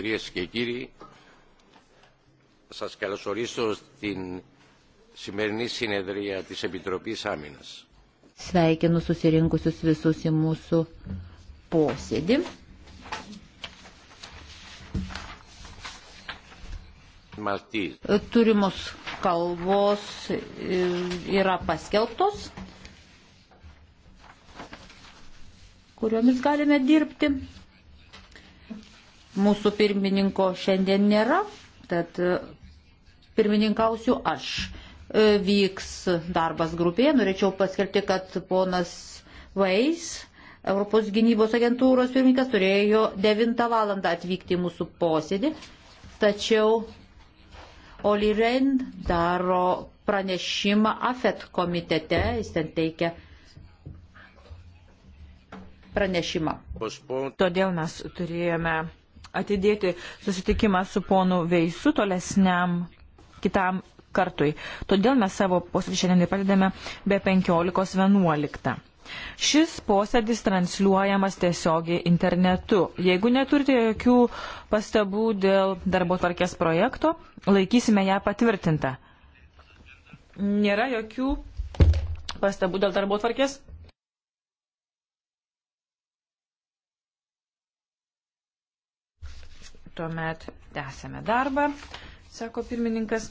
κυρίες και κύριοι, σας καλωσορίσω στην σημερινή συνεδρία της Επιτροπής Άμυνας. Sveikinu susirinkusius visus į mūsų posėdį. Matys. Turimos kalbos yra paskelbtos, kuriomis galime dirbti. Mūsų pirmininko šiandien nėra, tad e, pirmininkausiu aš. E, vyks darbas grupėje. Norėčiau paskelbti, kad ponas Vais, Europos gynybos agentūros pirmininkas, turėjo 9 val. atvykti į mūsų posėdį, tačiau Oli Ren daro pranešimą AFET komitete, jis ten teikia pranešimą. Todėl mes turėjome atidėti susitikimą su ponu Veisu tolesniam kitam kartui. Todėl mes savo posėdį šiandien padedame be 15.11. Šis posėdis transliuojamas tiesiogiai internetu. Jeigu neturite jokių pastabų dėl darbo tvarkės projekto, laikysime ją patvirtintą. Nėra jokių pastabų dėl darbo tvarkės? Tuomet tęsėme darbą, sako pirmininkas.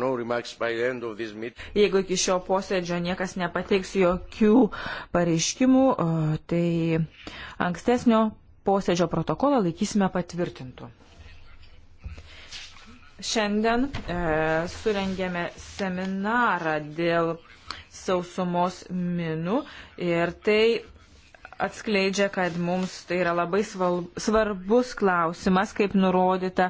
No meeting... Jeigu iki šio posėdžio niekas nepateiks jokių pareiškimų, tai ankstesnio posėdžio protokolą laikysime patvirtintų. Šiandien e, surengėme seminarą dėl sausumos minų ir tai atskleidžia, kad mums tai yra labai svarbus klausimas, kaip nurodyta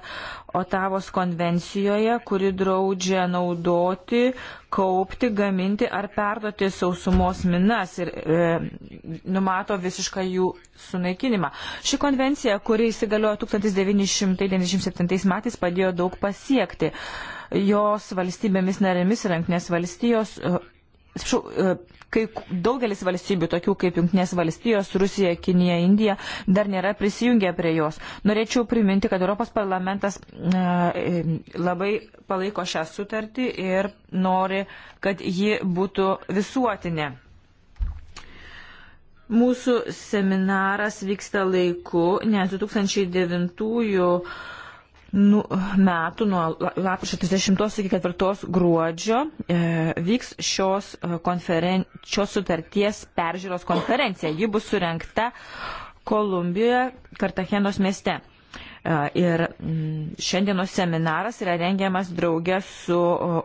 Otavos konvencijoje, kuri draudžia naudoti, kaupti, gaminti ar perduoti sausumos minas ir e, numato visišką jų sunaikinimą. Ši konvencija, kuri įsigaliojo 1997 metais, padėjo daug pasiekti. Jos valstybėmis narėmis ir anknės valstijos e, atsiprašau, e, kai daugelis valstybių, tokių kaip Junktinės valstijos, Rusija, Kinija, Indija, dar nėra prisijungę prie jos. Norėčiau priminti, kad Europos parlamentas e, e, labai palaiko šią sutartį ir nori, kad ji būtų visuotinė. Mūsų seminaras vyksta laiku, nes 2009 nu, metų nuo lapkričio 30 iki 4 gruodžio e, vyks šios, e, konferen... šios sutarties peržiūros konferencija. Ji bus surenkta Kolumbijoje, Kartachenos mieste. E, ir mm, šiandienos seminaras yra rengiamas draugė su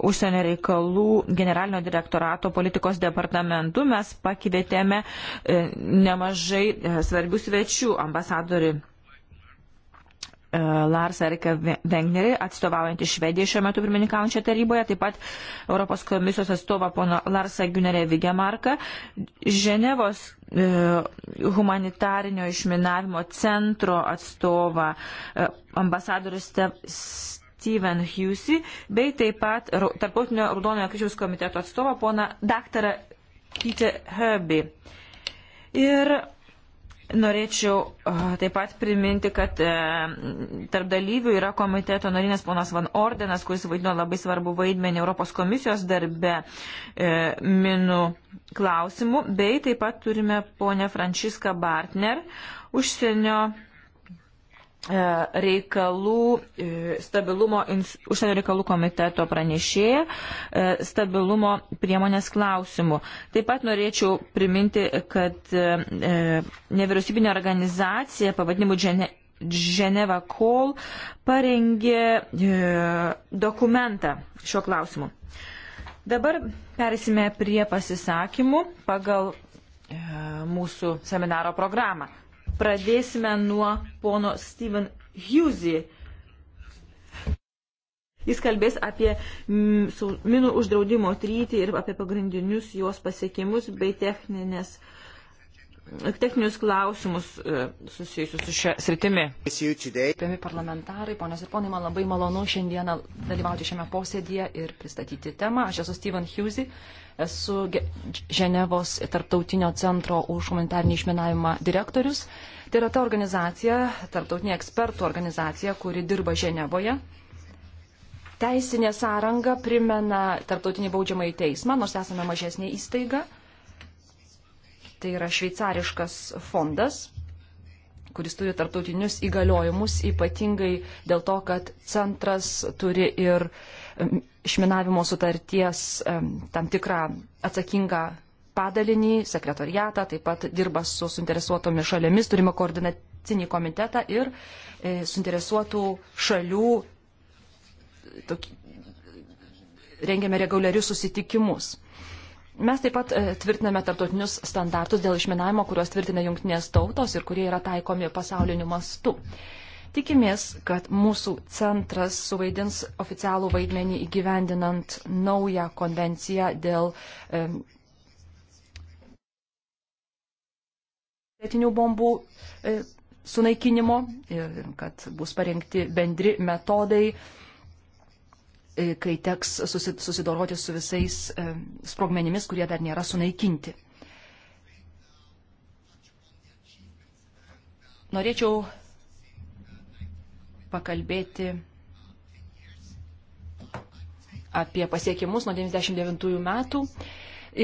užsienio reikalų generalinio direktorato politikos departamentu. Mes pakvietėme e, nemažai e, svarbių svečių ambasadorių E, Lars Erika Vengneri, atstovaujantį Švediją šiuo metu pirmininkaujančią taryboje, taip pat Europos komisijos atstovą pono Larsą Günerę Vigemarką, Ženevos e, humanitarinio išminavimo centro atstovą e, ambasadorius Steven Hughesy, bei taip pat Tarptautinio Raudonojo kryžiaus komiteto atstovą poną daktarą Peter Herbie. Ir Norėčiau taip pat priminti, kad e, tarp dalyvių yra komiteto norinės ponas Van Ordenas, kuris vaidino labai svarbu vaidmenį Europos komisijos darbe e, minų klausimų, bei taip pat turime ponę Franciską Bartner, užsienio E, reikalų, e, stabilumo, užsienio reikalų komiteto pranešėja, e, stabilumo priemonės klausimų. Taip pat norėčiau priminti, kad nevyriausybinė organizacija pavadinimu Džene, Ženeva Kol parengė dokumentą šiuo klausimu. Dabar perėsime prie pasisakymų pagal mūsų seminaro programą. Pradėsime nuo pono Steven Hughesy. Jis kalbės apie mm, minų uždraudimo trytį ir apie pagrindinius jos pasiekimus bei techninės uh, techninius klausimus e, susijusius su šia sritimi. Pirmi parlamentarai, ponios ir ponai, man labai malonu šiandieną dalyvauti šiame posėdėje ir pristatyti temą. Aš esu Steven Hughesy, esu Ženevos tarptautinio centro už humanitarnį išminavimą direktorius. Tai yra ta organizacija, tarptautinė ekspertų organizacija, kuri dirba Ženevoje. Teisinė sąranga primena tarptautinį baudžiamąjį teismą, nors esame mažesnė įstaiga Tai yra šveicariškas fondas, kuris turi tartautinius įgaliojimus, ypatingai dėl to, kad centras turi ir išminavimo sutarties tam tikrą atsakingą padalinį, sekretariatą, taip pat dirba su suinteresuotomis šalėmis, turime koordinacinį komitetą ir e, suinteresuotų šalių e, tokį, rengiame reguliarius susitikimus. Mes taip pat e, tvirtiname tarptautinius standartus dėl išminavimo, kuriuos tvirtina jungtinės tautos ir kurie yra taikomi pasauliniu mastu. Tikimės, kad mūsų centras suvaidins oficialų vaidmenį įgyvendinant naują konvenciją dėl vietinių e, bombų e, sunaikinimo ir kad bus parengti bendri metodai E, kai teks susidoroti su visais e, sprogmenimis, kurie dar nėra sunaikinti. Norėčiau pakalbėti apie pasiekimus nuo 99 metų.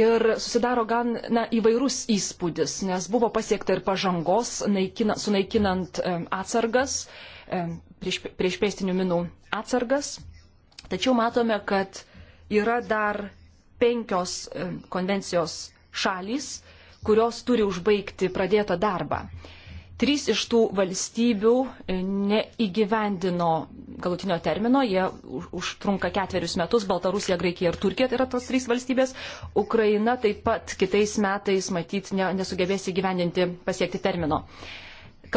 Ir susidaro gan na, įvairus įspūdis, nes buvo pasiekta ir pažangos, naikina, sunaikinant e, atsargas, prieš, prieš pėstinių minų atsargas, Tačiau matome, kad yra dar penkios e, konvencijos šalys, kurios turi užbaigti pradėtą darbą. Trys iš tų valstybių e, neįgyvendino galutinio termino, jie užtrunka ketverius metus, Baltarusija, Graikija ir Turkija tai yra tos trys valstybės, Ukraina taip pat kitais metais matyt ne, nesugebės įgyvendinti pasiekti termino.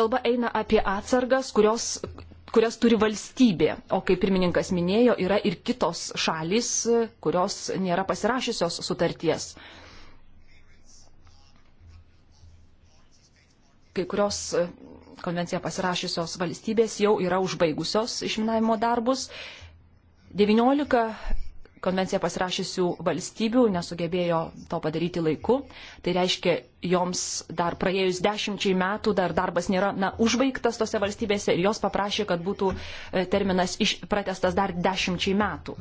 Kalba eina apie atsargas, kurios kurias turi valstybė. O kaip pirmininkas minėjo, yra ir kitos šalis, kurios nėra pasirašysios sutarties. Kai kurios e, konvenciją pasirašysios valstybės jau yra užbaigusios išminavimo darbus. 19 konvenciją pasirašysių valstybių nesugebėjo to padaryti laiku. Tai reiškia, joms dar praėjus dešimčiai metų dar darbas nėra na, užbaigtas tose valstybėse ir jos paprašė, kad būtų e, terminas iš, pratestas dar dešimčiai metų.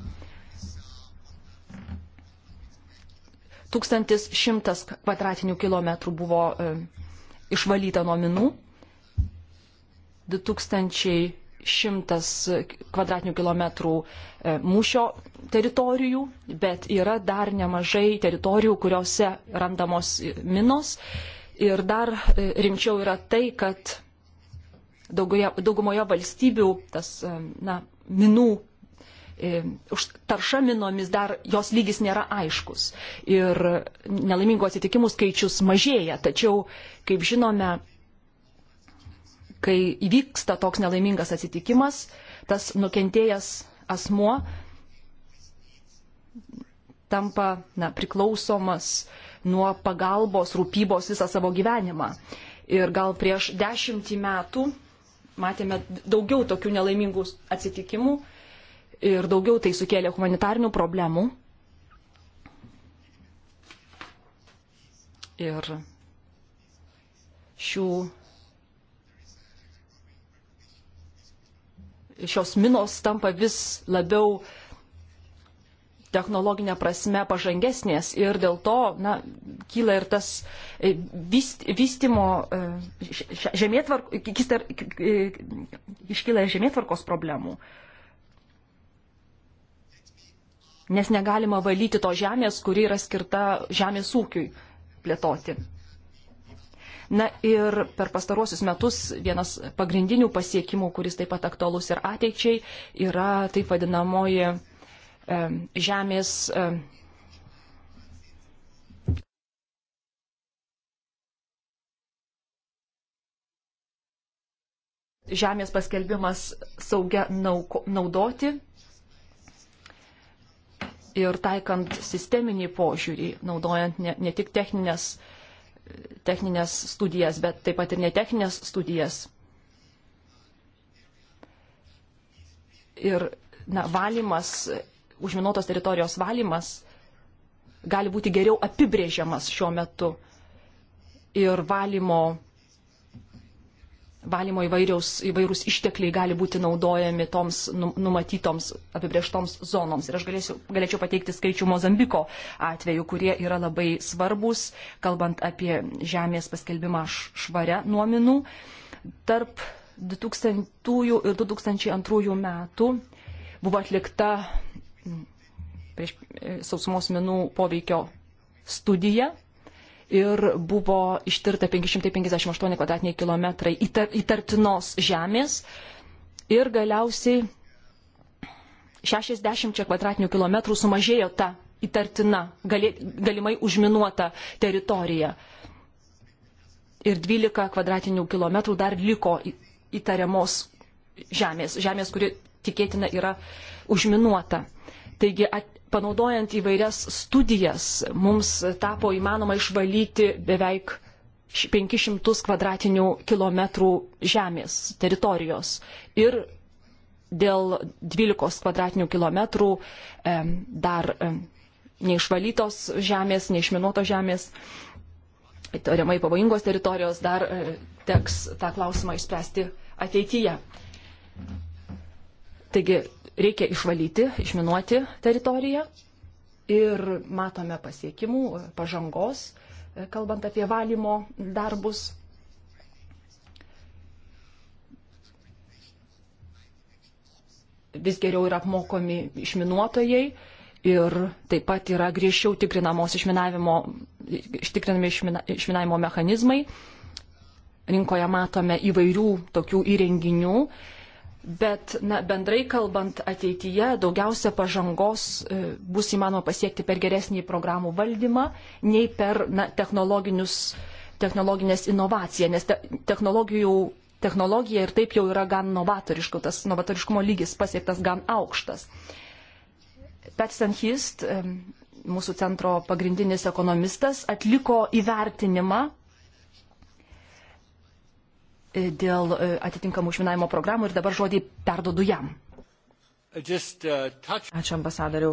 1100 kvadratinių kilometrų buvo e, išvalyta nuo minų. 2000 šimtas kvadratinių kilometrų e, mūšio teritorijų, bet yra dar nemažai teritorijų, kuriuose randamos minos. Ir dar e, rimčiau yra tai, kad daugoje, daugumoje valstybių tas e, na, minų tarša minomis dar jos lygis nėra aiškus ir nelaimingų atsitikimų skaičius mažėja. Tačiau, kaip žinome, kai įvyksta toks nelaimingas atsitikimas, tas nukentėjęs asmuo tampa na, priklausomas nuo pagalbos, rūpybos visą savo gyvenimą. Ir gal prieš dešimtį metų matėme daugiau tokių nelaimingų atsitikimų ir daugiau tai sukėlė humanitarnių problemų. Ir šių šios minos tampa vis labiau technologinė prasme pažangesnės ir dėl to na, kyla ir tas e, vyst, vystimo, e, iškyla ir žemėtvarkos problemų. Nes negalima valyti to žemės, kuri yra skirta žemės ūkiui plėtoti. Na ir per pastaruosius metus vienas pagrindinių pasiekimų, kuris taip pat aktualus ir ateičiai, yra taip vadinamoji e, žemės. E, Žemės paskelbimas saugia naudoti ir taikant sisteminį požiūrį, naudojant ne, ne tik techninės uh, techninės studijas, bet taip pat ir netechninės studijas. Ir na, valymas, užminuotos teritorijos valymas gali būti geriau apibrėžiamas šiuo metu. Ir valymo valymo įvairiaus, įvairūs ištekliai gali būti naudojami toms numatytoms apibrieštoms zonoms. Ir aš galėsiu, galėčiau pateikti skaičių Mozambiko atveju, kurie yra labai svarbus, kalbant apie žemės paskelbimą švaria nuominų. Tarp 2000 ir 2002 metų buvo atlikta prieš e, sausumos minų poveikio studija ir buvo ištirta 558 kvadratiniai kilometrai įtartinos žemės ir galiausiai 60 kvadratinių kilometrų sumažėjo ta įtartina, gali, galimai užminuota teritorija. Ir 12 kvadratinių kilometrų dar liko įtariamos žemės, žemės, kuri tikėtina yra užminuota. Taigi at, panaudojant įvairias studijas, mums tapo įmanoma išvalyti beveik 500 kvadratinių kilometrų žemės teritorijos ir dėl 12 kvadratinių kilometrų dar neišvalytos žemės, neišminuotos žemės, tariamai pavojingos teritorijos dar e, teks tą klausimą išspręsti ateityje. Taigi reikia išvalyti, išminuoti teritoriją ir matome pasiekimų, pažangos, e, kalbant apie valymo darbus. Vis geriau yra apmokomi išminuotojai ir taip pat yra griežčiau tikrinamos išminavimo, ištikrinami išmina, išminavimo mechanizmai. Rinkoje matome įvairių tokių įrenginių, Bet na, bendrai kalbant, ateityje daugiausia pažangos e, bus įmanoma pasiekti per geresnį programų valdymą, nei per na, technologinės inovacijas, nes te, technologijų, technologija ir taip jau yra gan novatoriška, tas novatoriškumo lygis pasiektas gan aukštas. Petsen Hist, e, mūsų centro pagrindinis ekonomistas, atliko įvertinimą dėl e, atitinkamų išminavimo programų ir dabar žodį perdodu jam. Just, uh, touch... Ačiū ambasadoriau.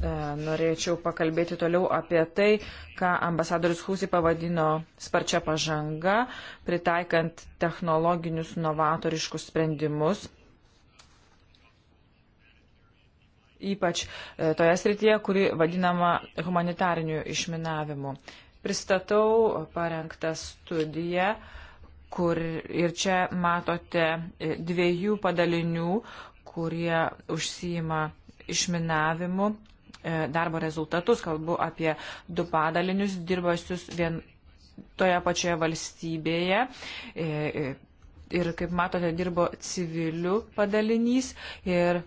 E, norėčiau pakalbėti toliau apie tai, ką ambasadorius Husi pavadino sparčia pažanga, pritaikant technologinius novatoriškus sprendimus. Ypač e, toje srityje, kuri vadinama humanitariniu išminavimu pristatau parengtą studiją, kur ir čia matote dviejų padalinių, kurie užsijima išminavimu e, darbo rezultatus. Kalbu apie du padalinius dirbasius vien toje pačioje valstybėje. E, e, ir kaip matote, dirbo civilių padalinys ir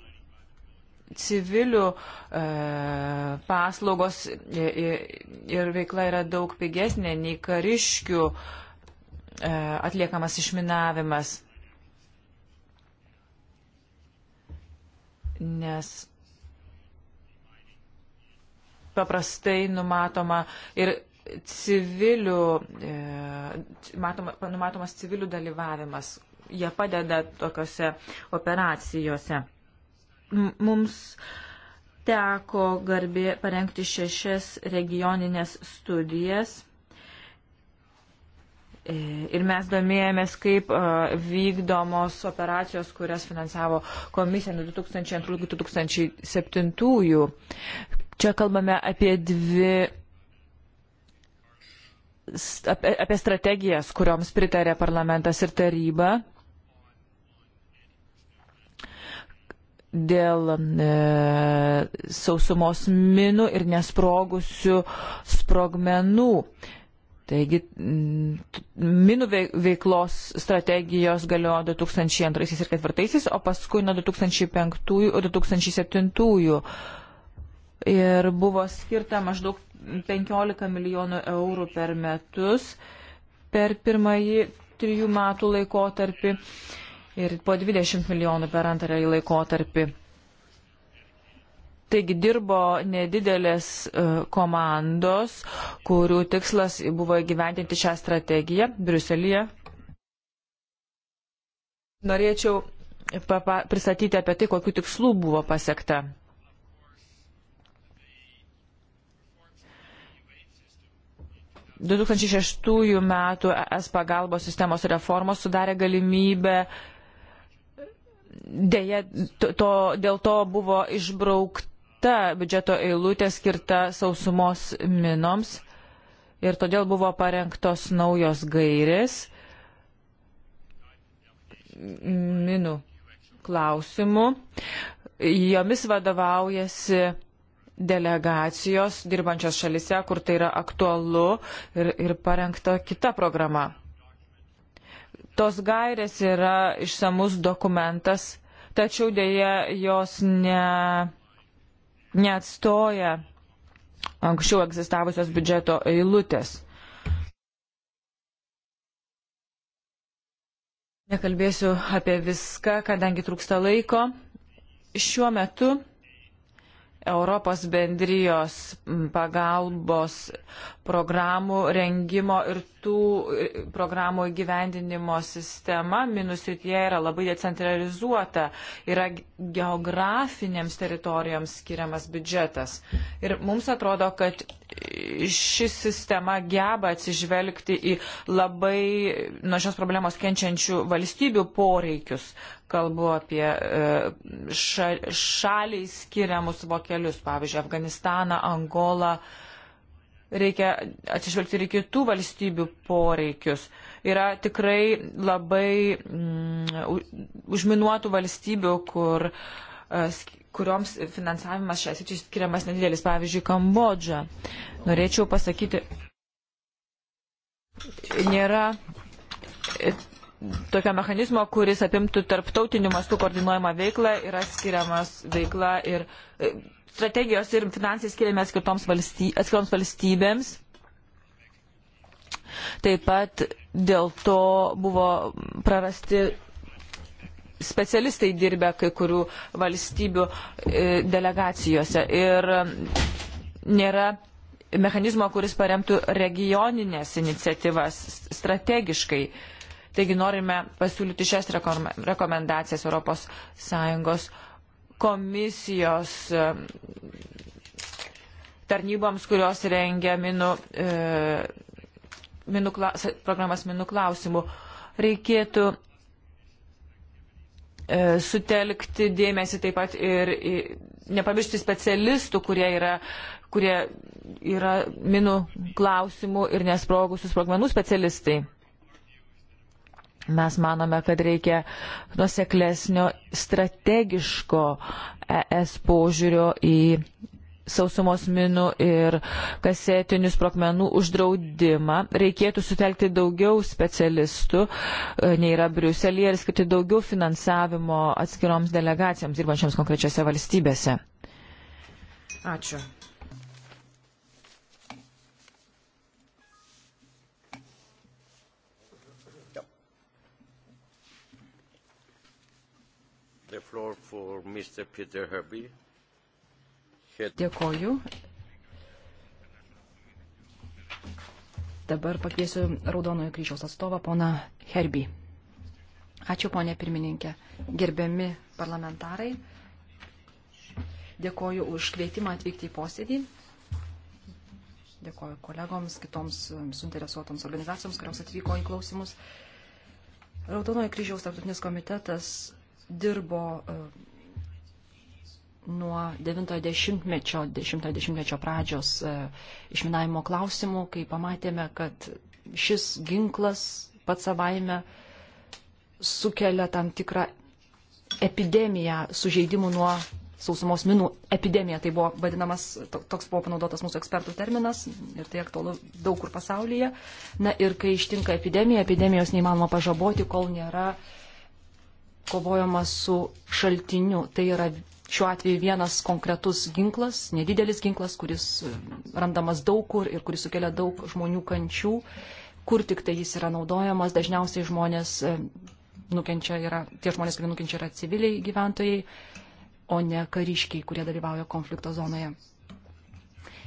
civilių e, paslaugos ir veikla yra daug pigesnė nei kariškių e, atliekamas išminavimas. Nes paprastai numatoma ir civilių, e, matoma, numatomas civilių dalyvavimas. Jie padeda tokiuose operacijose mums teko garbė parengti šešias regioninės studijas. E, ir mes domėjomės, kaip vykdomos operacijos, kurias finansavo komisija nuo 2002-2007. Čia kalbame apie dvi. Apie, apie strategijas, kurioms pritarė parlamentas ir taryba. dėl e, sausumos minų ir nesprogusių sprogmenų. Taigi, minų veiklos strategijos galiojo 2002 ir 2004, o paskui nuo 2005 ir 2007. Ir buvo skirta maždaug 15 milijonų eurų per metus per pirmąjį trijų metų laikotarpį. E, ir po 20 milijonų per antrąjį laikotarpį. Taigi dirbo nedidelės e, komandos, kurių tikslas buvo įgyvendinti šią strategiją Briuselėje. Norėčiau pristatyti apie tai, kokiu tikslu buvo pasiekta. Du 2006 metų ES pagalbos sistemos reformos sudarė galimybę uh, dėja to, dėl to buvo išbraukta biudžeto eilutė skirta sausumos minoms ir todėl buvo parengtos naujos gairės minų klausimų. Jomis vadovaujasi delegacijos dirbančios šalise, kur tai yra aktualu ir, ir parengta kita programa. Tos gairės yra išsamus dokumentas, tačiau dėja jos ne, neatstoja anksčiau egzistavusios biudžeto eilutės. Nekalbėsiu apie viską, kadangi trūksta laiko. Šiuo metu Europos bendrijos pagalbos programų rengimo ir tų e, programų įgyvendinimo sistema minus rytyje yra labai decentralizuota, yra geografinėms teritorijoms skiriamas biudžetas. Ir mums atrodo, kad ši sistema geba atsižvelgti į labai nuo šios problemos kenčiančių valstybių poreikius kalbu apie e, ša, šaliai skiriamus vokelius, pavyzdžiui, Afganistaną, Angolą. Reikia atsižvelgti ir kitų valstybių poreikius. Yra tikrai labai mm, užminuotų valstybių, kur, e, kurioms finansavimas šias ryčiai skiriamas nedidelis, pavyzdžiui, Kambodža. Norėčiau pasakyti, nėra tokio mechanizmo, kuris apimtų tarptautinių mastų koordinuojamą veiklą, yra skiriamas veikla ir e, strategijos ir finansai skiriami atskirtoms valsty, valstybėms. Taip pat dėl to buvo prarasti specialistai dirbę kai kurių valstybių e, delegacijose ir e, nėra mechanizmo, kuris paremtų regioninės iniciatyvas strategiškai. Uh, Taigi norime pasiūlyti šias rekomendacijas ES komisijos tarnyboms, kurios rengia minų, e, minų klaus, programas minų klausimų. Reikėtų e, sutelkti dėmesį taip pat ir, ir nepamiršti specialistų, kurie yra, kurie yra minų klausimų ir nesprogusių sprogmenų specialistai. Mes manome, kad reikia nuseklesnio strategiško ES požiūrio į sausumos minų ir kasetinių sprokmenų uždraudimą. Reikėtų sutelkti daugiau specialistų, e, nei yra Briuselėje, ir skirti daugiau finansavimo atskiroms delegacijoms dirbančiams konkrečiose valstybėse. Ačiū. Dėkoju. Dabar pakviesiu Raudonojo kryžiaus atstovą, pona Herbį. Ačiū, ponė pirmininkė. Gerbiami parlamentarai, dėkoju už kvietimą atvykti į posėdį. Dėkoju kolegoms, kitoms suinteresuotoms organizacijoms, kurios atvyko į klausimus. Raudonojo kryžiaus tarptautinis komitetas dirbo e, nuo 90-mečio, 90-mečio pradžios e, išminavimo klausimų, kai pamatėme, kad šis ginklas pats savaime sukelia tam tikrą epidemiją sužeidimų nuo sausumos minų epidemija. Tai buvo vadinamas, toks buvo panaudotas mūsų ekspertų terminas ir tai aktualu daug kur pasaulyje. Na ir kai ištinka epidemija, epidemijos neįmanoma pažaboti, kol nėra uh, kovojama su šaltiniu. Tai yra šiuo atveju vienas konkretus ginklas, nedidelis ginklas, kuris e, randamas daug kur ir kuris sukelia daug žmonių kančių. Kur tik tai jis yra naudojamas, dažniausiai žmonės e, nukenčia yra, tie žmonės, kurie nukenčia yra civiliai gyventojai, o ne kariškiai, kurie dalyvauja konflikto zonoje.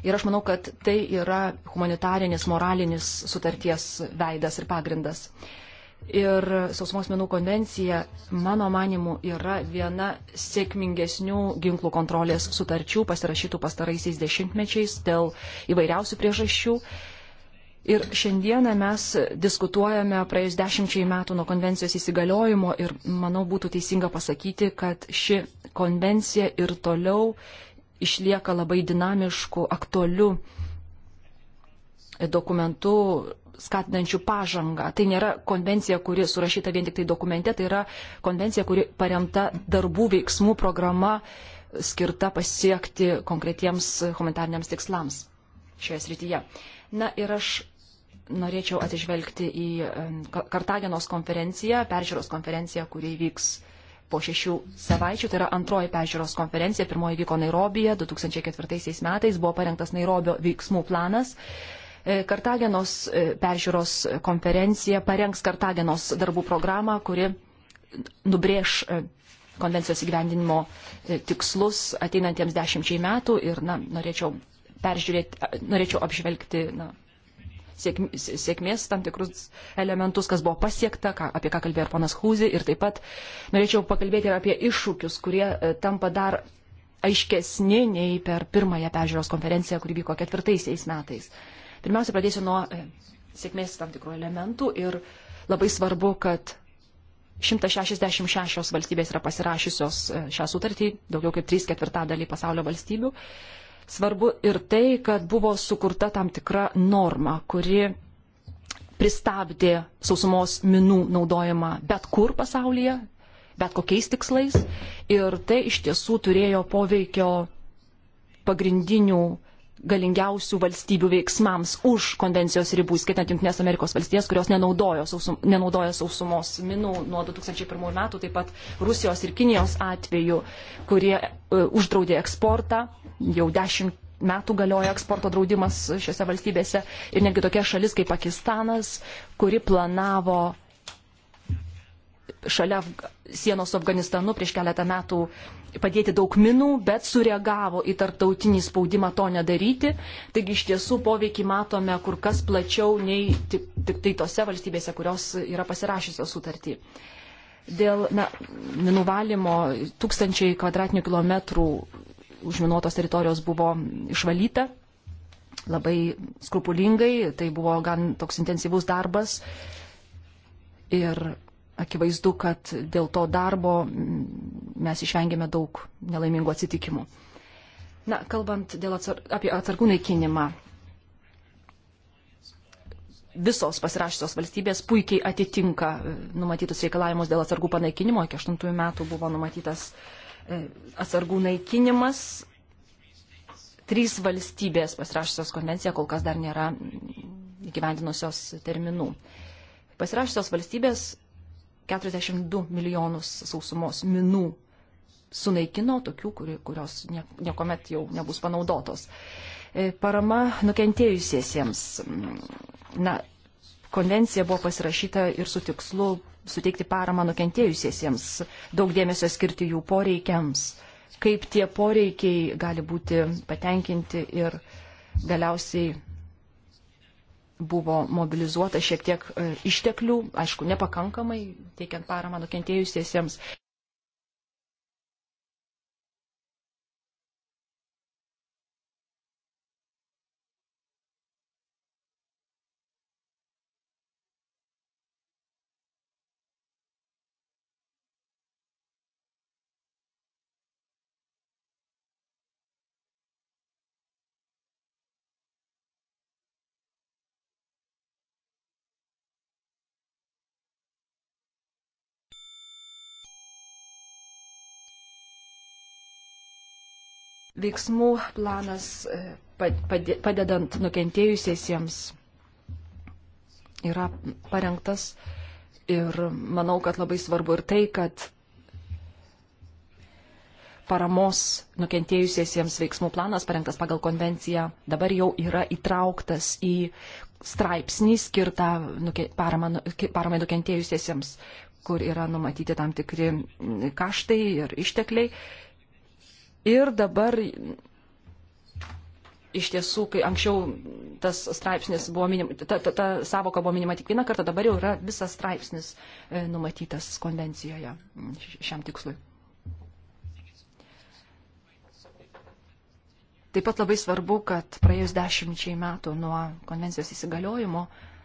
Ir aš manau, kad tai yra humanitarinis, moralinis sutarties veidas ir pagrindas. Uh, Ir sausumos menų konvencija, mano manimu, yra viena sėkmingesnių ginklų kontrolės sutarčių pasirašytų pastaraisiais dešimtmečiais dėl įvairiausių priežasčių. Ir šiandieną mes diskutuojame praėjus dešimčiai metų nuo konvencijos įsigaliojimo ir manau būtų teisinga pasakyti, kad ši konvencija ir toliau išlieka labai dinamišku, aktualiu dokumentu skatinančių pažangą. Tai nėra konvencija, kuri surašyta vien tik tai dokumente, tai yra konvencija, kuri paremta darbų veiksmų programa skirta pasiekti konkretiems humanitarniams tikslams šioje srityje. Na ir aš norėčiau atsižvelgti į Kartagenos konferenciją, peržiūros konferenciją, kuri vyks po šešių savaičių. Tai yra antroji peržiūros konferencija. Pirmoji vyko Nairobija 2004 metais. Buvo parengtas Nairobio veiksmų planas. E, Kartagenos e, peržiūros konferencija parengs Kartagenos darbų programą, kuri nubrėž e, konvencijos įgyvendinimo tikslus ateinantiems dešimčiai metų ir na, norėčiau, norėčiau apžvelgti na, sėkmės tam tikrus elementus, kas buvo pasiekta, ką, apie ką kalbėjo ir ponas Hūzi. Ir taip pat norėčiau pakalbėti ir apie iššūkius, kurie tampa dar aiškesni nei per pirmąją peržiūros konferenciją, kuri vyko ketvirtaisiais metais. Pirmiausia, pradėsiu nuo e, sėkmės tam tikrų elementų ir labai svarbu, kad 166 valstybės yra pasirašysios e, šią sutartį, daugiau kaip 3 ketvirtadalį pasaulio valstybių. Svarbu ir tai, kad buvo sukurta tam tikra norma, kuri pristabdė sausumos minų naudojimą bet kur pasaulyje, bet kokiais tikslais. Ir tai iš tiesų turėjo poveikio pagrindinių galingiausių valstybių veiksmams už konvencijos ribų, skaitant Junktinės Amerikos valstijas, kurios nenaudojo, sausum, nenaudojo sausumos minų nuo 2001 metų, taip pat Rusijos ir Kinijos atveju, kurie uh, uždraudė eksportą, jau dešimt metų galioja eksporto draudimas šiuose valstybėse ir netgi tokia šalis kaip Pakistanas, kuri planavo šalia sienos su Afganistanu prieš keletą metų uh, padėti daug minų, bet sureagavo į tartautinį spaudimą to nedaryti. Taigi iš tiesų poveikį matome kur kas plačiau nei tik, tik tai tose valstybėse, kurios yra pasirašysios sutartį. Dėl na, minų valymo tūkstančiai kvadratinių kilometrų užminuotos teritorijos buvo išvalyta labai skrupulingai, tai buvo gan toks intensyvus darbas. Ir akivaizdu, kad dėl to darbo mm, mes išvengėme daug nelaimingų atsitikimų. Na, kalbant atsar apie atsargų naikinimą, visos pasirašytos valstybės puikiai atitinka e, numatytus reikalavimus dėl atsargų panaikinimo. Iki 8 metų buvo numatytas e, atsargų naikinimas. Trys valstybės pasirašytos konvenciją kol kas dar nėra mm, įgyvendinusios terminų. Pasirašytos valstybės 42 milijonus sausumos minų sunaikino, tokių, kurios niekuomet jau nebus panaudotos. E, parama nukentėjusiesiems. Na, konvencija buvo pasirašyta ir su tikslu suteikti paramą nukentėjusiesiems, daug dėmesio skirti jų poreikiams, kaip tie poreikiai gali būti patenkinti ir galiausiai buvo mobilizuota šiek tiek e, išteklių, aišku, nepakankamai, teikiant paramą nukentėjusiesiems. veiksmų planas e, padedant nukentėjusiesiems yra parengtas ir manau, kad labai svarbu ir tai, kad paramos nukentėjusiesiems veiksmų planas parengtas pagal konvenciją dabar jau yra įtrauktas į straipsnį skirtą nu-, paramai nukentėjusiesiems, kur yra numatyti tam tikri kaštai ir ištekliai. Ir dabar iš tiesų, kai anksčiau tas straipsnis buvo minima, ta, ta, ta savoka buvo minima tik vieną kartą, dabar jau yra visas straipsnis e, numatytas konvencijoje šiam tikslui. Taip pat labai svarbu, kad praėjus dešimčiai metų nuo konvencijos įsigaliojimo, uh,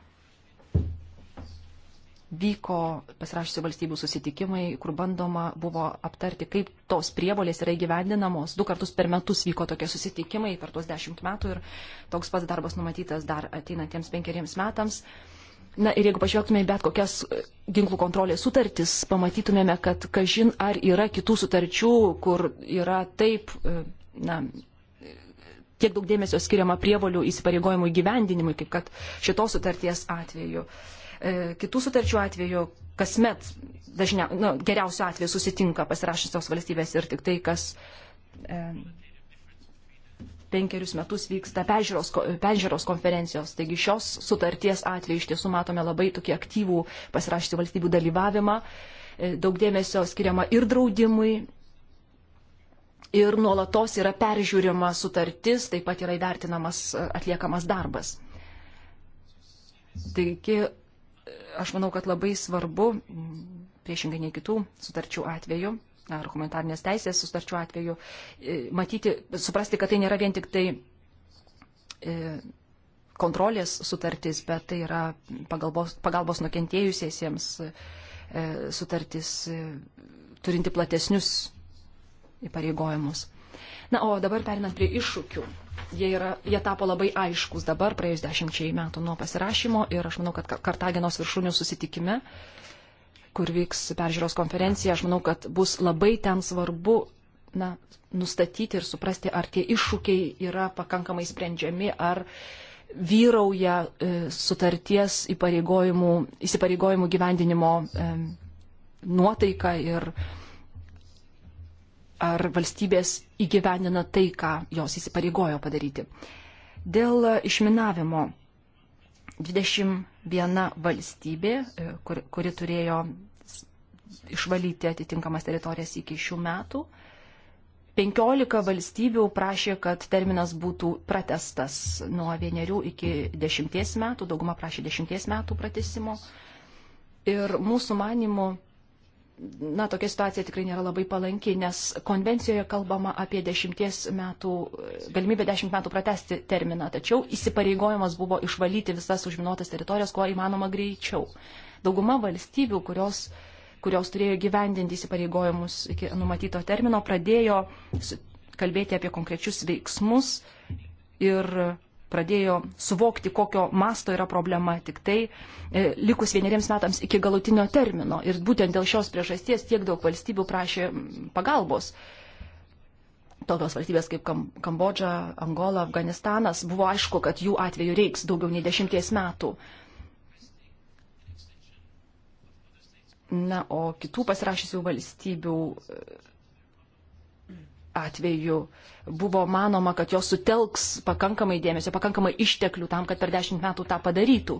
vyko pasirašysių valstybių susitikimai, kur bandoma buvo aptarti, kaip tos prievolės yra įgyvendinamos. Du kartus per metus vyko tokie susitikimai per tuos dešimt metų ir toks pats darbas numatytas dar ateinantiems penkeriems metams. Na ir jeigu pažvelgtume į bet kokias e, ginklų kontrolės sutartis, pamatytumėme, kad kažin ar yra kitų sutarčių, kur yra taip, e, na, tiek daug dėmesio skiriama prievolių įsipareigojimų įgyvendinimui, kaip kad šitos sutarties atveju. Uh, E, kitų sutarčių atveju kasmet dažnia, nu, geriausiu atveju susitinka pasirašysios valstybės ir tik tai, kas e, penkerius metus vyksta peržiūros, peržiūros konferencijos. Taigi šios sutarties atveju iš tiesų matome labai tokį aktyvų pasirašysių valstybių dalyvavimą. E, daug dėmesio skiriama ir draudimui. Ir nuolatos yra peržiūrima sutartis, taip pat yra įvertinamas e, atliekamas darbas. Taigi aš manau, kad labai svarbu, priešingai nei kitų sutarčių atveju, ar humanitarnės teisės sutarčių atveju, e, matyti, suprasti, kad tai nėra vien tik tai e, kontrolės sutartis, bet tai yra pagalbos, pagalbos nukentėjusiesiems e, sutartis turinti platesnius įpareigojimus. Na, o dabar perinant prie iššūkių jie, yra, jie tapo labai aiškus dabar, praėjus dešimčiai metų nuo pasirašymo ir aš manau, kad Kartagenos viršūnių susitikime, kur vyks peržiūros konferencija, aš manau, kad bus labai ten svarbu na, nustatyti ir suprasti, ar tie iššūkiai yra pakankamai sprendžiami, ar vyrauja e, sutarties įsipareigojimų gyvendinimo e, nuotaika ir e, ar valstybės įgyvendina tai, ką jos įsipareigojo padaryti. Dėl išminavimo 21 valstybė, e, kur, kuri turėjo išvalyti atitinkamas teritorijas iki šių metų, 15 valstybių prašė, kad terminas būtų pratestas nuo vienerių iki dešimties metų, dauguma prašė dešimties metų pratesimo. Ir mūsų manimų na, tokia situacija tikrai nėra labai palanki, nes konvencijoje kalbama apie dešimties metų, galimybę dešimt metų pratesti terminą, tačiau įsipareigojimas buvo išvalyti visas užminuotas teritorijas kuo įmanoma greičiau. Dauguma valstybių, kurios, kurios turėjo gyvendinti įsipareigojimus iki numatyto termino, pradėjo kalbėti apie konkrečius veiksmus ir pradėjo suvokti, kokio masto yra problema, tik tai e, likus vieneriems metams iki galutinio termino. Ir būtent dėl šios priežasties tiek daug valstybių prašė pagalbos. Tokios valstybės kaip Kam Kambodža, Angola, Afganistanas, buvo aišku, kad jų atveju reiks daugiau nei dešimties metų. Na, o kitų pasirašysių valstybių e, atveju buvo manoma, kad jos sutelks pakankamai dėmesio, pakankamai išteklių tam, kad per dešimt metų tą padarytų.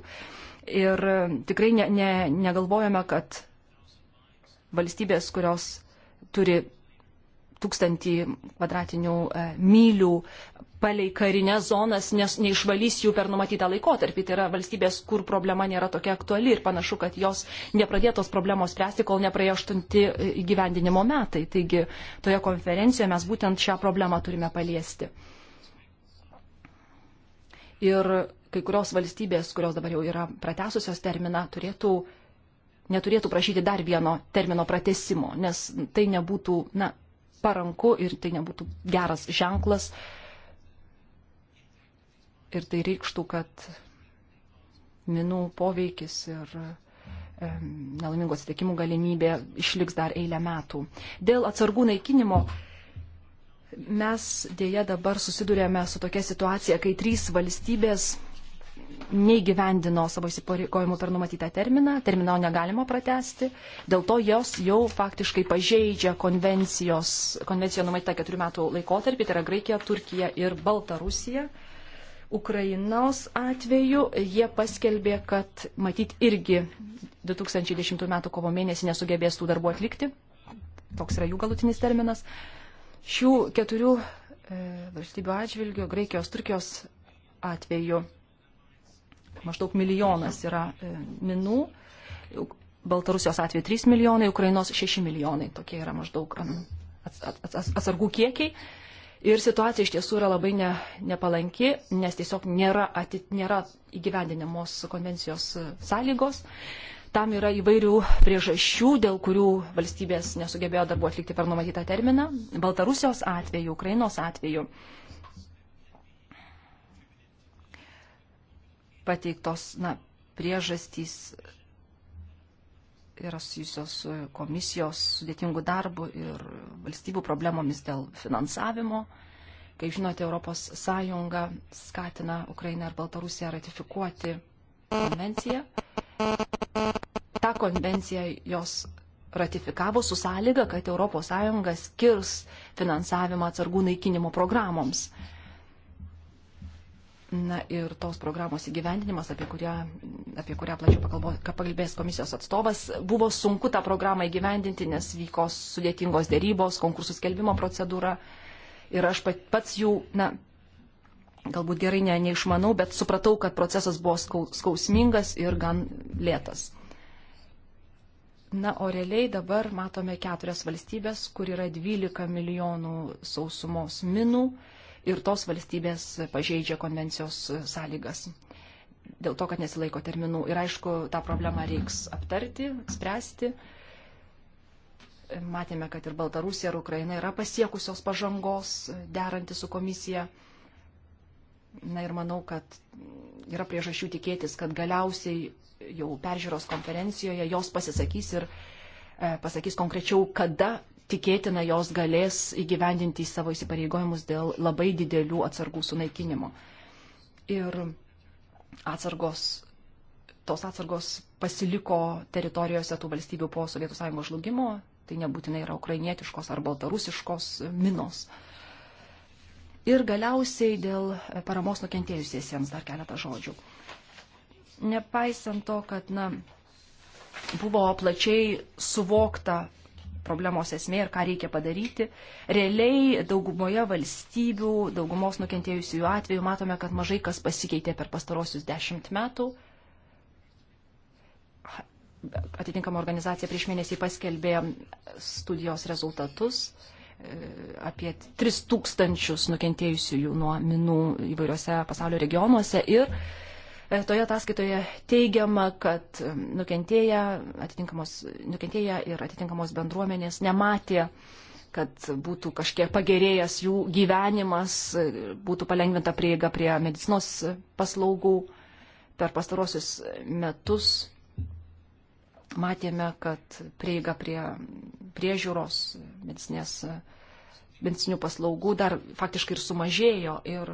Ir e, tikrai ne, ne, negalvojame, kad valstybės, kurios turi tūkstantį kvadratinių e, mylių palei karinės zonas, nes neišvalys jų per numatytą laikotarpį. Tai yra valstybės, kur problema nėra tokia aktuali ir panašu, kad jos nepradėtos problemos spręsti, kol nepraėjo aštunti e, įgyvendinimo metai. Taigi toje konferencijoje mes būtent šią problemą turime paliesti. Ir kai kurios valstybės, kurios dabar jau yra pratesusios terminą, turėtų neturėtų prašyti dar vieno termino pratesimo, nes tai nebūtų, na, paranku ir tai nebūtų geras ženklas. Ir tai reikštų, kad minų poveikis ir nelaimingų atsitikimų galimybė išliks dar eilę metų. Dėl atsargų naikinimo mes dėja dabar susidurėme su tokia situacija, kai trys valstybės neįgyvendino savo įsipareigojimų per numatytą terminą, termino negalima pratesti, dėl to jos jau faktiškai pažeidžia konvencijos, konvencijoje numatytą keturių metų laikotarpį, tai yra Graikija, Turkija ir Baltarusija. Ukrainos atveju jie paskelbė, kad matyt irgi 2010 m. kovo mėnesį nesugebės tų darbų atlikti. Toks yra jų galutinis terminas. Šių keturių e, valstybių atžvilgių, Graikijos, Turkijos atveju maždaug milijonas yra e, minų, Baltarusijos atveju 3 milijonai, Ukrainos 6 milijonai, tokie yra maždaug atsargų kiekiai. Ir situacija iš tiesų yra labai ne, nepalanki, nes tiesiog nėra, atit, nėra įgyvendinamos konvencijos e, sąlygos. Tam yra įvairių priežasčių, dėl kurių valstybės nesugebėjo darbų atlikti per numatytą terminą. Baltarusijos atveju, Ukrainos atveju pateiktos na, priežastys yra susijusios su komisijos sudėtingu darbu ir valstybių problemomis dėl finansavimo. Kaip žinote, ES skatina Ukrainą ir Baltarusiją ratifikuoti konvenciją. Ta konvencija jos ratifikavo su sąlyga, kad ES skirs finansavimą atsargų naikinimo programoms. Na ir tos programos įgyvendinimas, apie kurią, apie kurią plačiau pakalbos, pakalbės komisijos atstovas, buvo sunku tą programą įgyvendinti, nes vyko sudėtingos dėrybos, konkursų skelbimo procedūra. Ir aš pats jų, na, galbūt gerai ne, neišmanau, bet supratau, kad procesas buvo skausmingas ir gan lėtas. Na, o realiai dabar matome keturias valstybės, kur yra 12 milijonų sausumos minų ir tos valstybės pažeidžia konvencijos sąlygas dėl to, kad nesilaiko terminų. Ir aišku, tą problemą reiks aptarti, spręsti. Matėme, kad ir Baltarusija, ir Ukraina yra pasiekusios pažangos deranti su komisija. Na ir manau, kad yra priežasčių tikėtis, kad galiausiai jau peržiūros konferencijoje jos pasisakys ir e, pasakys konkrečiau, kada tikėtina jos galės įgyvendinti savo įsipareigojimus dėl labai didelių atsargų sunaikinimo. Ir atsargos, tos atsargos pasiliko teritorijose tų valstybių po Sovietų Sąjungos žlugimo, tai nebūtinai yra ukrainietiškos ar baltarusiškos minos. Ir galiausiai dėl paramos nukentėjusiesiems dar keletą žodžių. Nepaisant to, kad na, buvo plačiai suvokta problemos esmė ir ką reikia padaryti. Realiai daugumoje valstybių, daugumos nukentėjusių atveju matome, kad mažai kas pasikeitė per pastarosius dešimt metų. Atitinkama organizacija prieš mėnesį paskelbė studijos rezultatus e, apie 3000 nukentėjusiųjų nuo minų įvairiuose pasaulio regionuose ir E, toje ataskaitoje teigiama, kad nukentėję, nukentėję ir atitinkamos bendruomenės nematė, kad būtų kažkiek pagerėjęs jų gyvenimas, būtų palengvinta prieiga prie medicinos paslaugų. Per pastarosius metus matėme, kad prieiga prie priežiūros medicinės, medicinių paslaugų dar faktiškai ir sumažėjo. Ir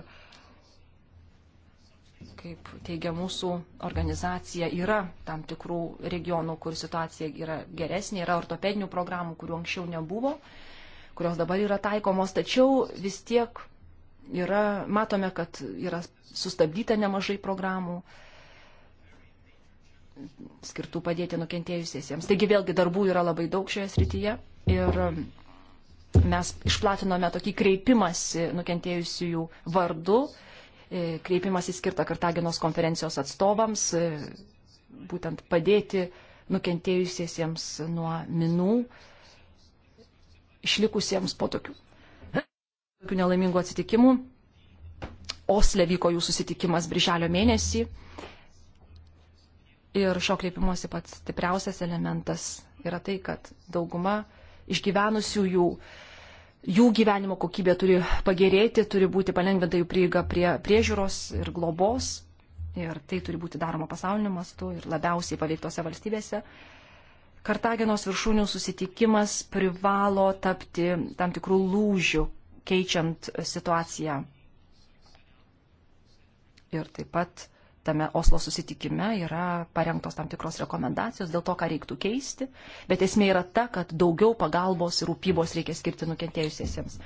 kaip teigia mūsų organizacija, yra tam tikrų regionų, kur situacija yra geresnė, yra ortopedinių programų, kurių anksčiau nebuvo, kurios dabar yra taikomos, tačiau vis tiek yra, matome, kad yra sustabdyta nemažai programų skirtų padėti nukentėjusiesiems. Taigi vėlgi darbų yra labai daug šioje srityje ir mes išplatinome tokį kreipimąsi nukentėjusiųjų vardu E, kreipimas įskirta Kartagenos konferencijos atstovams, e, būtent padėti nukentėjusiesiems nuo minų, išlikusiems po tokių, tokių nelaimingų atsitikimų. Osle vyko jų susitikimas birželio mėnesį ir šio kreipimuosi pats stipriausias elementas yra tai, kad dauguma išgyvenusiųjų jų jų gyvenimo kokybė turi pagerėti, turi būti palengvinta jų prieiga prie priežiūros ir globos. Ir tai turi būti daroma pasauliniu mastu ir labiausiai paveiktose valstybėse. Kartagenos viršūnių susitikimas privalo tapti tam tikrų lūžių, keičiant situaciją. Ir taip pat tame Oslo susitikime yra parengtos tam tikros rekomendacijos dėl to, ką reiktų keisti, bet esmė yra ta, kad daugiau pagalbos ir rūpybos reikia skirti nukentėjusiesiems.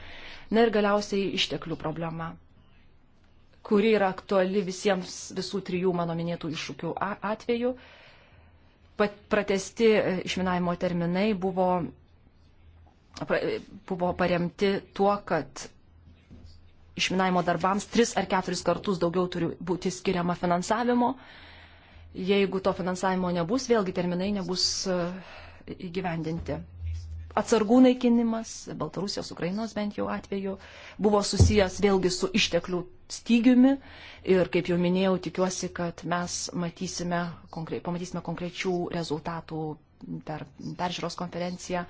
Na ir galiausiai išteklių problema, kuri yra aktuali visiems visų trijų mano minėtų iššūkių atveju. Pat pratesti e, išminavimo terminai buvo, e, buvo paremti tuo, kad išminavimo darbams tris ar keturis kartus daugiau turi būti skiriama finansavimo. Jeigu to finansavimo nebus, vėlgi terminai nebus e, įgyvendinti. Atsargų naikinimas, Baltarusijos, Ukrainos bent jau atveju, buvo susijęs vėlgi su išteklių stygiumi ir, kaip jau minėjau, tikiuosi, kad mes matysime, konkre, pamatysime konkrečių rezultatų per peržiūros konferenciją.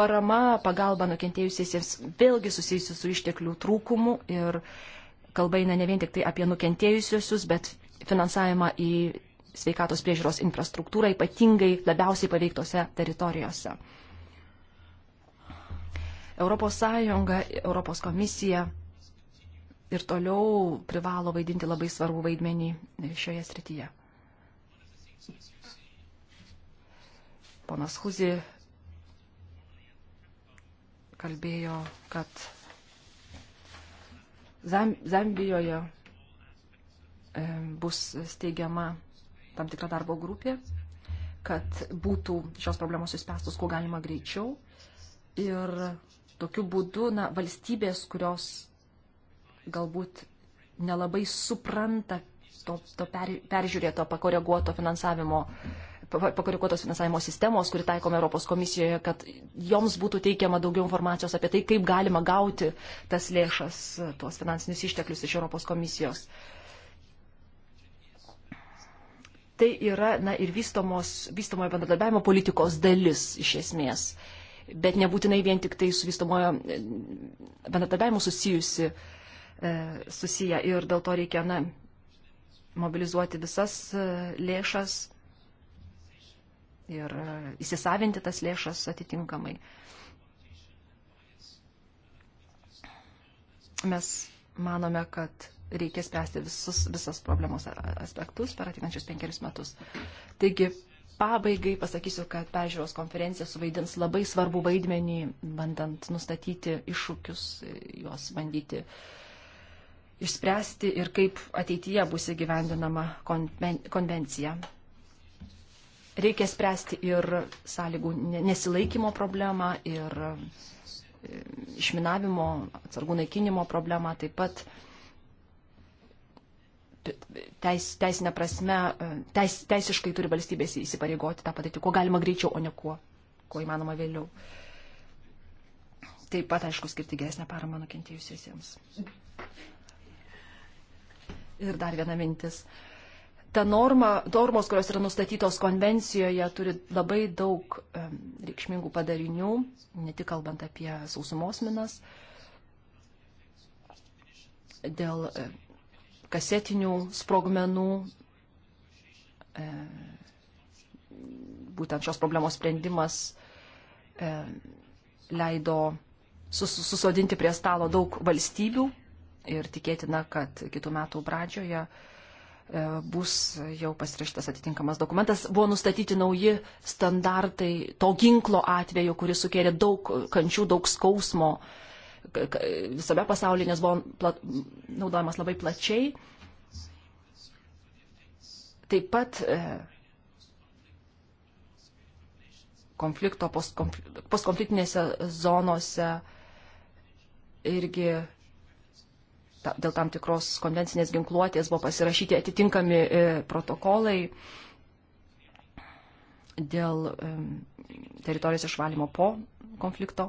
Parama, pagalba nukentėjusiesiems vėlgi susijusi su išteklių trūkumu ir kalba eina ne vien tik tai apie nukentėjusiusius, bet finansavimą į sveikatos priežiūros infrastruktūrą, ypatingai labiausiai paveiktose teritorijose. Europos Sąjunga, Europos komisija ir toliau privalo vaidinti labai svarbų vaidmenį šioje srityje. Ponas Huzi kalbėjo, kad Zambijoje e, bus steigiama tam tikra darbo grupė, kad būtų šios problemos išspręstos kuo galima greičiau. Ir tokiu būdu na, valstybės, kurios galbūt nelabai supranta to, to per, peržiūrėto, pakoreguoto finansavimo uh, pakorikuotos finansavimo sistemos, kuri taikoma Europos komisijoje, kad joms būtų teikiama daugiau informacijos apie tai, kaip galima gauti tas lėšas, tuos finansinius išteklius iš Europos komisijos. Tai yra na, ir vystomos, vystomojo bendradarbiavimo politikos dalis iš esmės, bet nebūtinai vien tik tai su vystomojo e, bendradarbiavimu susijusi, e, susiję ir dėl to reikia na, mobilizuoti visas e, lėšas ir e, įsisavinti tas lėšas atitinkamai. Mes manome, kad reikia spręsti visus, visas problemos aspektus per ateinančius penkerius metus. Taigi, pabaigai pasakysiu, kad peržiūros konferencija suvaidins labai svarbu vaidmenį, bandant nustatyti iššūkius, e, juos bandyti išspręsti ir kaip ateityje bus įgyvendinama konvencija reikia spręsti ir sąlygų nesilaikymo problemą, ir e, išminavimo, atsargų naikinimo problemą, taip pat teis, teisinė prasme, e, teis, teisiškai turi valstybės įsipareigoti tą padaryti, kuo galima greičiau, o ne kuo, kuo įmanoma vėliau. Taip pat, aišku, skirti geresnę paramą nukentėjusiesiems. Ir dar viena mintis. Uh, ta norma, normos, kurios yra nustatytos konvencijoje, turi labai daug reikšmingų padarinių, ne tik kalbant apie sausumos minas, dėl kasetinių sprogmenų, būtent šios problemos sprendimas leido susodinti prie stalo daug valstybių ir tikėtina, kad kitų metų pradžioje E, bus jau pasirašytas atitinkamas dokumentas, buvo nustatyti nauji standartai to ginklo atveju, kuris sukėlė daug kančių, daug skausmo visame pasaulyje, nes buvo plat, naudojamas labai plačiai. Taip pat e, konflikto postkonfliktinėse zonose irgi dėl tam tikros konvencinės ginkluotės buvo pasirašyti atitinkami e, protokolai dėl e, teritorijos išvalymo po konflikto.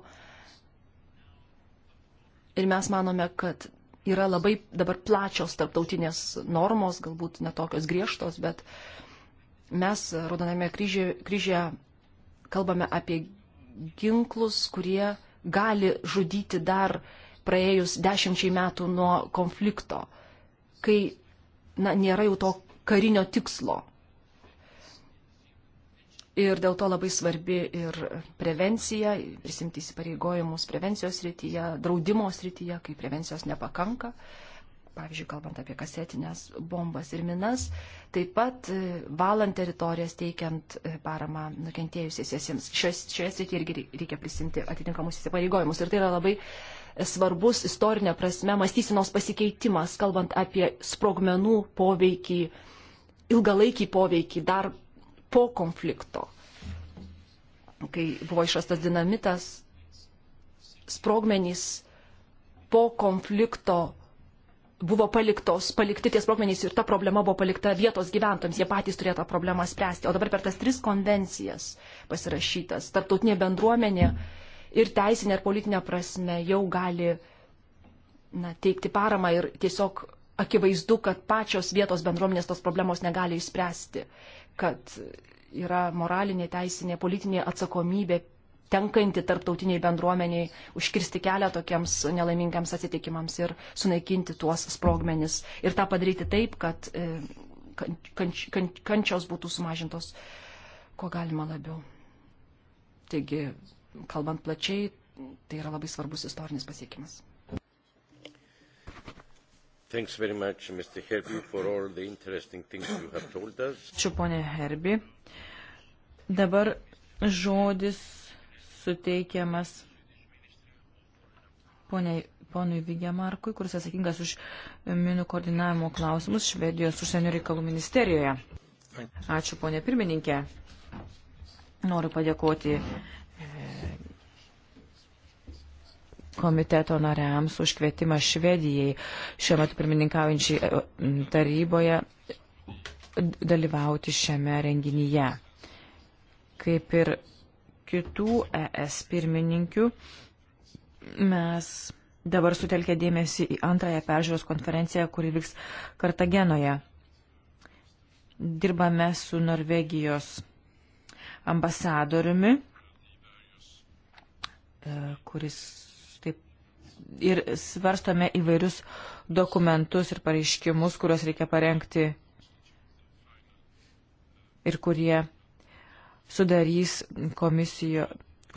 Ir mes manome, kad yra labai dabar plačios tarptautinės normos, galbūt netokios griežtos, bet mes Raudoname kryžėje kalbame apie ginklus, kurie gali žudyti dar uh, praėjus dešimčiai metų nuo konflikto, kai na, nėra jau to karinio tikslo. Ir dėl to labai svarbi ir prevencija, prisimti įsipareigojimus prevencijos rytyje, draudimo rytyje, kai prevencijos nepakanka. Pavyzdžiui, kalbant apie kasetinės bombas ir minas, taip pat e, valant teritorijas teikiant e, paramą nukentėjusiesiems. Šioje srityje irgi reikia prisimti atitinkamus įsipareigojimus. Ir tai yra labai uh, svarbus istorinė prasme mąstysenos pasikeitimas, kalbant apie sprogmenų poveikį, ilgalaikį poveikį dar po konflikto. Kai buvo išrastas dinamitas, sprogmenys po konflikto buvo paliktos, palikti tie sprogmenys ir ta problema buvo palikta vietos gyventojams, jie patys turėjo tą problemą spręsti. O dabar per tas tris konvencijas pasirašytas, tarptautinė bendruomenė. Mm ir teisinė, ir politinė prasme jau gali na, teikti paramą ir tiesiog akivaizdu, kad pačios vietos bendruomenės tos problemos negali išspręsti, kad yra moralinė, teisinė, politinė atsakomybė tenkanti tarptautiniai bendruomeniai užkirsti kelią tokiems nelaimingiams atsitikimams ir sunaikinti tuos sprogmenis. Ir tą padaryti taip, kad kanč, e, kanč, kančios būtų sumažintos, ko galima labiau. Taigi kalbant plačiai, tai yra labai svarbus istorinis pasiekimas. Much, Herbie, Ačiū, ponė Herbi. Dabar žodis suteikiamas poniai, ponui Vigiamarkui, kuris atsakingas už minų koordinavimo klausimus Švedijos užsienio reikalų ministerijoje. Ačiū, ponė pirmininkė. Noriu padėkoti komiteto nariams už kvietimą Švedijai šiuo metu pirmininkaujančiai e, taryboje dalyvauti šiame renginyje. Kaip ir kitų ES pirmininkių, mes dabar sutelkę dėmesį į antrąją peržiūros konferenciją, kuri vyks Kartagenoje. Dirbame su Norvegijos ambasadoriumi E, kuris taip ir svarstome įvairius dokumentus ir pareiškimus, kuriuos reikia parengti ir kurie sudarys komisijo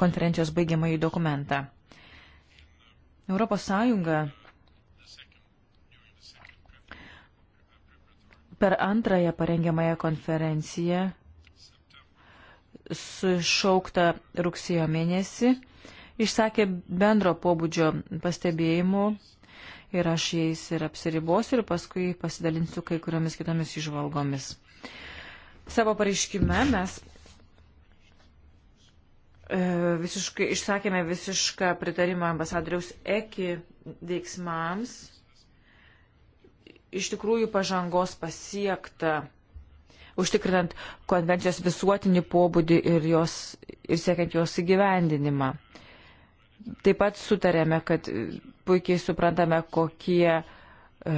konferencijos baigiamąjį dokumentą. Europos Sąjunga per antrąją parengiamąją konferenciją sušaukta rugsėjo mėnesį išsakė bendro pobūdžio pastebėjimų ir aš jais ir apsiribosiu ir paskui pasidalinsiu kai kuriomis kitomis išvalgomis. Savo pareiškime mes e, visiškai, išsakėme visišką pritarimą ambasadoriaus Eki veiksmams. Iš tikrųjų pažangos pasiekta, užtikrinant konvencijos visuotinį pobūdį ir, jos, ir siekiant jos įgyvendinimą. Taip pat sutarėme, kad puikiai suprantame, kokie, e,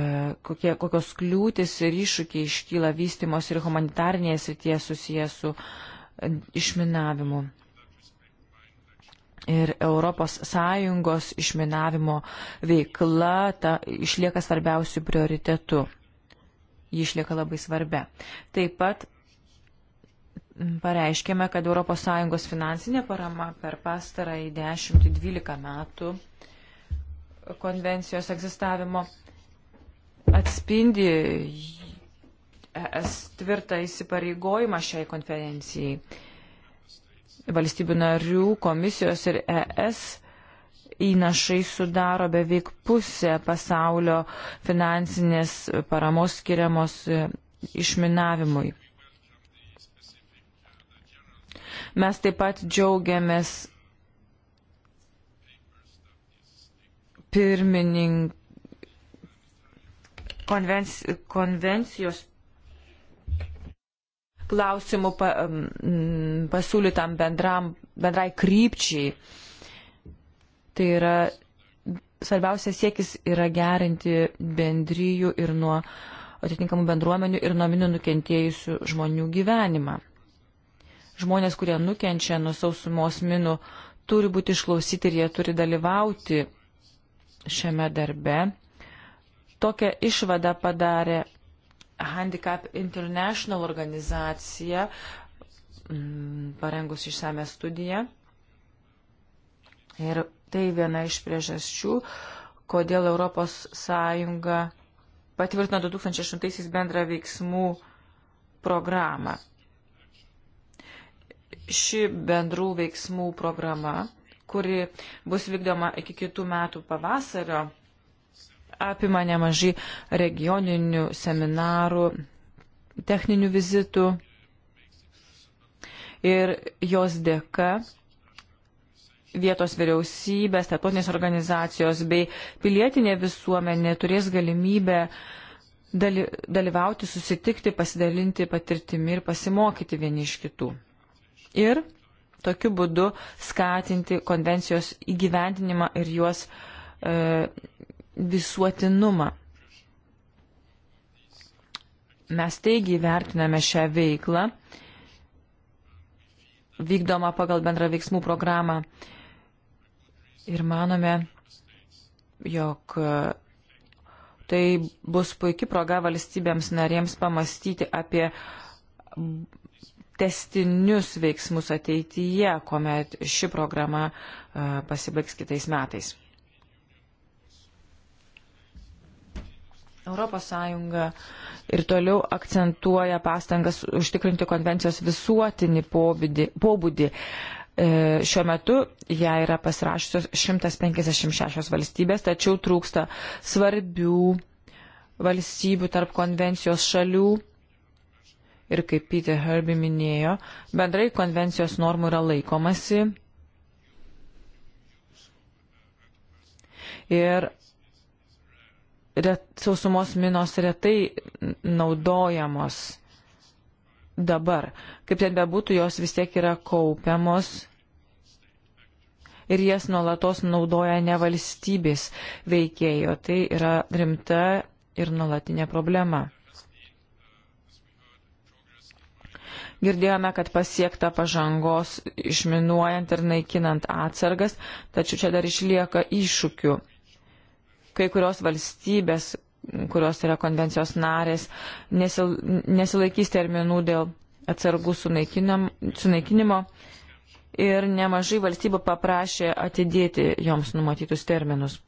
kokie, kokios kliūtis ir iššūkiai iškyla vystimos ir humanitarnėje srityje susijęs su e, išminavimu. Ir ES išminavimo veikla ta, išlieka svarbiausių prioritetų. Ji išlieka labai svarbia. Taip pat pareiškėme, kad ES finansinė parama per pastarąjį 10-12 metų konvencijos egzistavimo atspindi ES tvirtą įsipareigojimą šiai konferencijai. Valstybių narių komisijos ir ES įnašai sudaro beveik pusę pasaulio finansinės paramos skiriamos išminavimui. Mes taip pat džiaugiamės pirmininką konvenci konvencijos klausimų pa, m, pasiūlytam bendram, bendrai krypčiai. Tai yra svarbiausia siekis yra gerinti bendryjų ir nuo atitinkamų bendruomenių ir nuo minų nukentėjusių žmonių gyvenimą. Žmonės, kurie nukenčia nuo sausumos minų, turi būti išklausyti ir jie turi dalyvauti šiame darbe. Tokią išvadą padarė Handicap International organizacija, mm, parengus išsame studiją. Ir tai viena iš priežasčių, kodėl Europos Sąjunga patvirtino 2008 bendrą veiksmų programą ši bendrų veiksmų programa, kuri bus vykdoma iki kitų metų pavasario, apima nemažai regioninių seminarų, techninių vizitų ir jos dėka vietos vyriausybės, tarptautinės organizacijos bei pilietinė visuomenė turės galimybę dalyvauti, susitikti, pasidalinti patirtimi ir pasimokyti vieni iš kitų ir tokiu būdu skatinti konvencijos įgyvendinimą ir juos e, visuotinumą. Mes taigi vertiname šią veiklą, vykdomą pagal bendrą veiksmų programą ir manome, jog e, tai bus puikia proga valstybėms narėms pamastyti apie testinius veiksmus ateityje, kuomet ši programa e, pasibaigs kitais metais. Europos Sąjunga ir toliau akcentuoja pastangas užtikrinti konvencijos visuotinį pobūdį. pobūdį. E, šiuo metu ją yra pasirašusios 156 valstybės, tačiau trūksta svarbių valstybių tarp konvencijos šalių ir kaip Peter Herbie minėjo, bendrai konvencijos normų yra laikomasi. Ir ret, sausumos minos retai naudojamos dabar. Kaip ten bebūtų, jos vis tiek yra kaupiamos ir jas nuolatos naudoja ne valstybės veikėjo. Tai yra rimta ir nuolatinė problema. Girdėjome, kad pasiekta pažangos išminuojant ir naikinant atsargas, tačiau čia dar išlieka iššūkių. Kai kurios valstybės, kurios yra konvencijos narės, nesil, nesilaikys terminų dėl atsargų sunaikinimo ir nemažai valstybių paprašė atidėti joms numatytus terminus.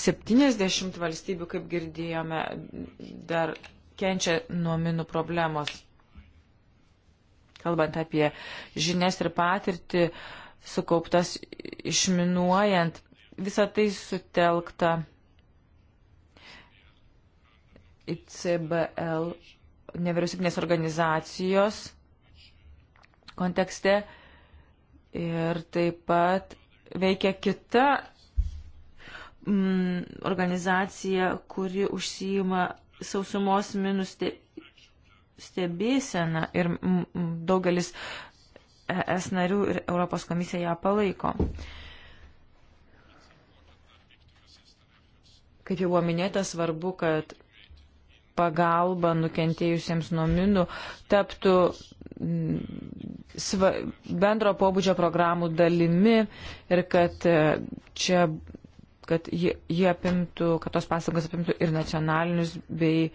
70 valstybių, kaip girdėjome, dar kenčia nuo minų problemos. Kalbant apie žinias ir patirtį, sukauptas išminuojant, visą tai sutelkta į CBL nevyriausybinės organizacijos kontekste ir taip pat veikia kita mm, organizacija, kuri užsijima sausumos minų ste, stebėseną ir mm, daugelis ES narių ir Europos komisija ją palaiko. Kaip jau buvo minėta, svarbu, kad pagalba nukentėjusiems nuo minų taptų mm, bendro pobūdžio programų dalimi ir kad e, čia kad jie, jie apimtų, kad tos pastangos apimtų ir nacionalinius bei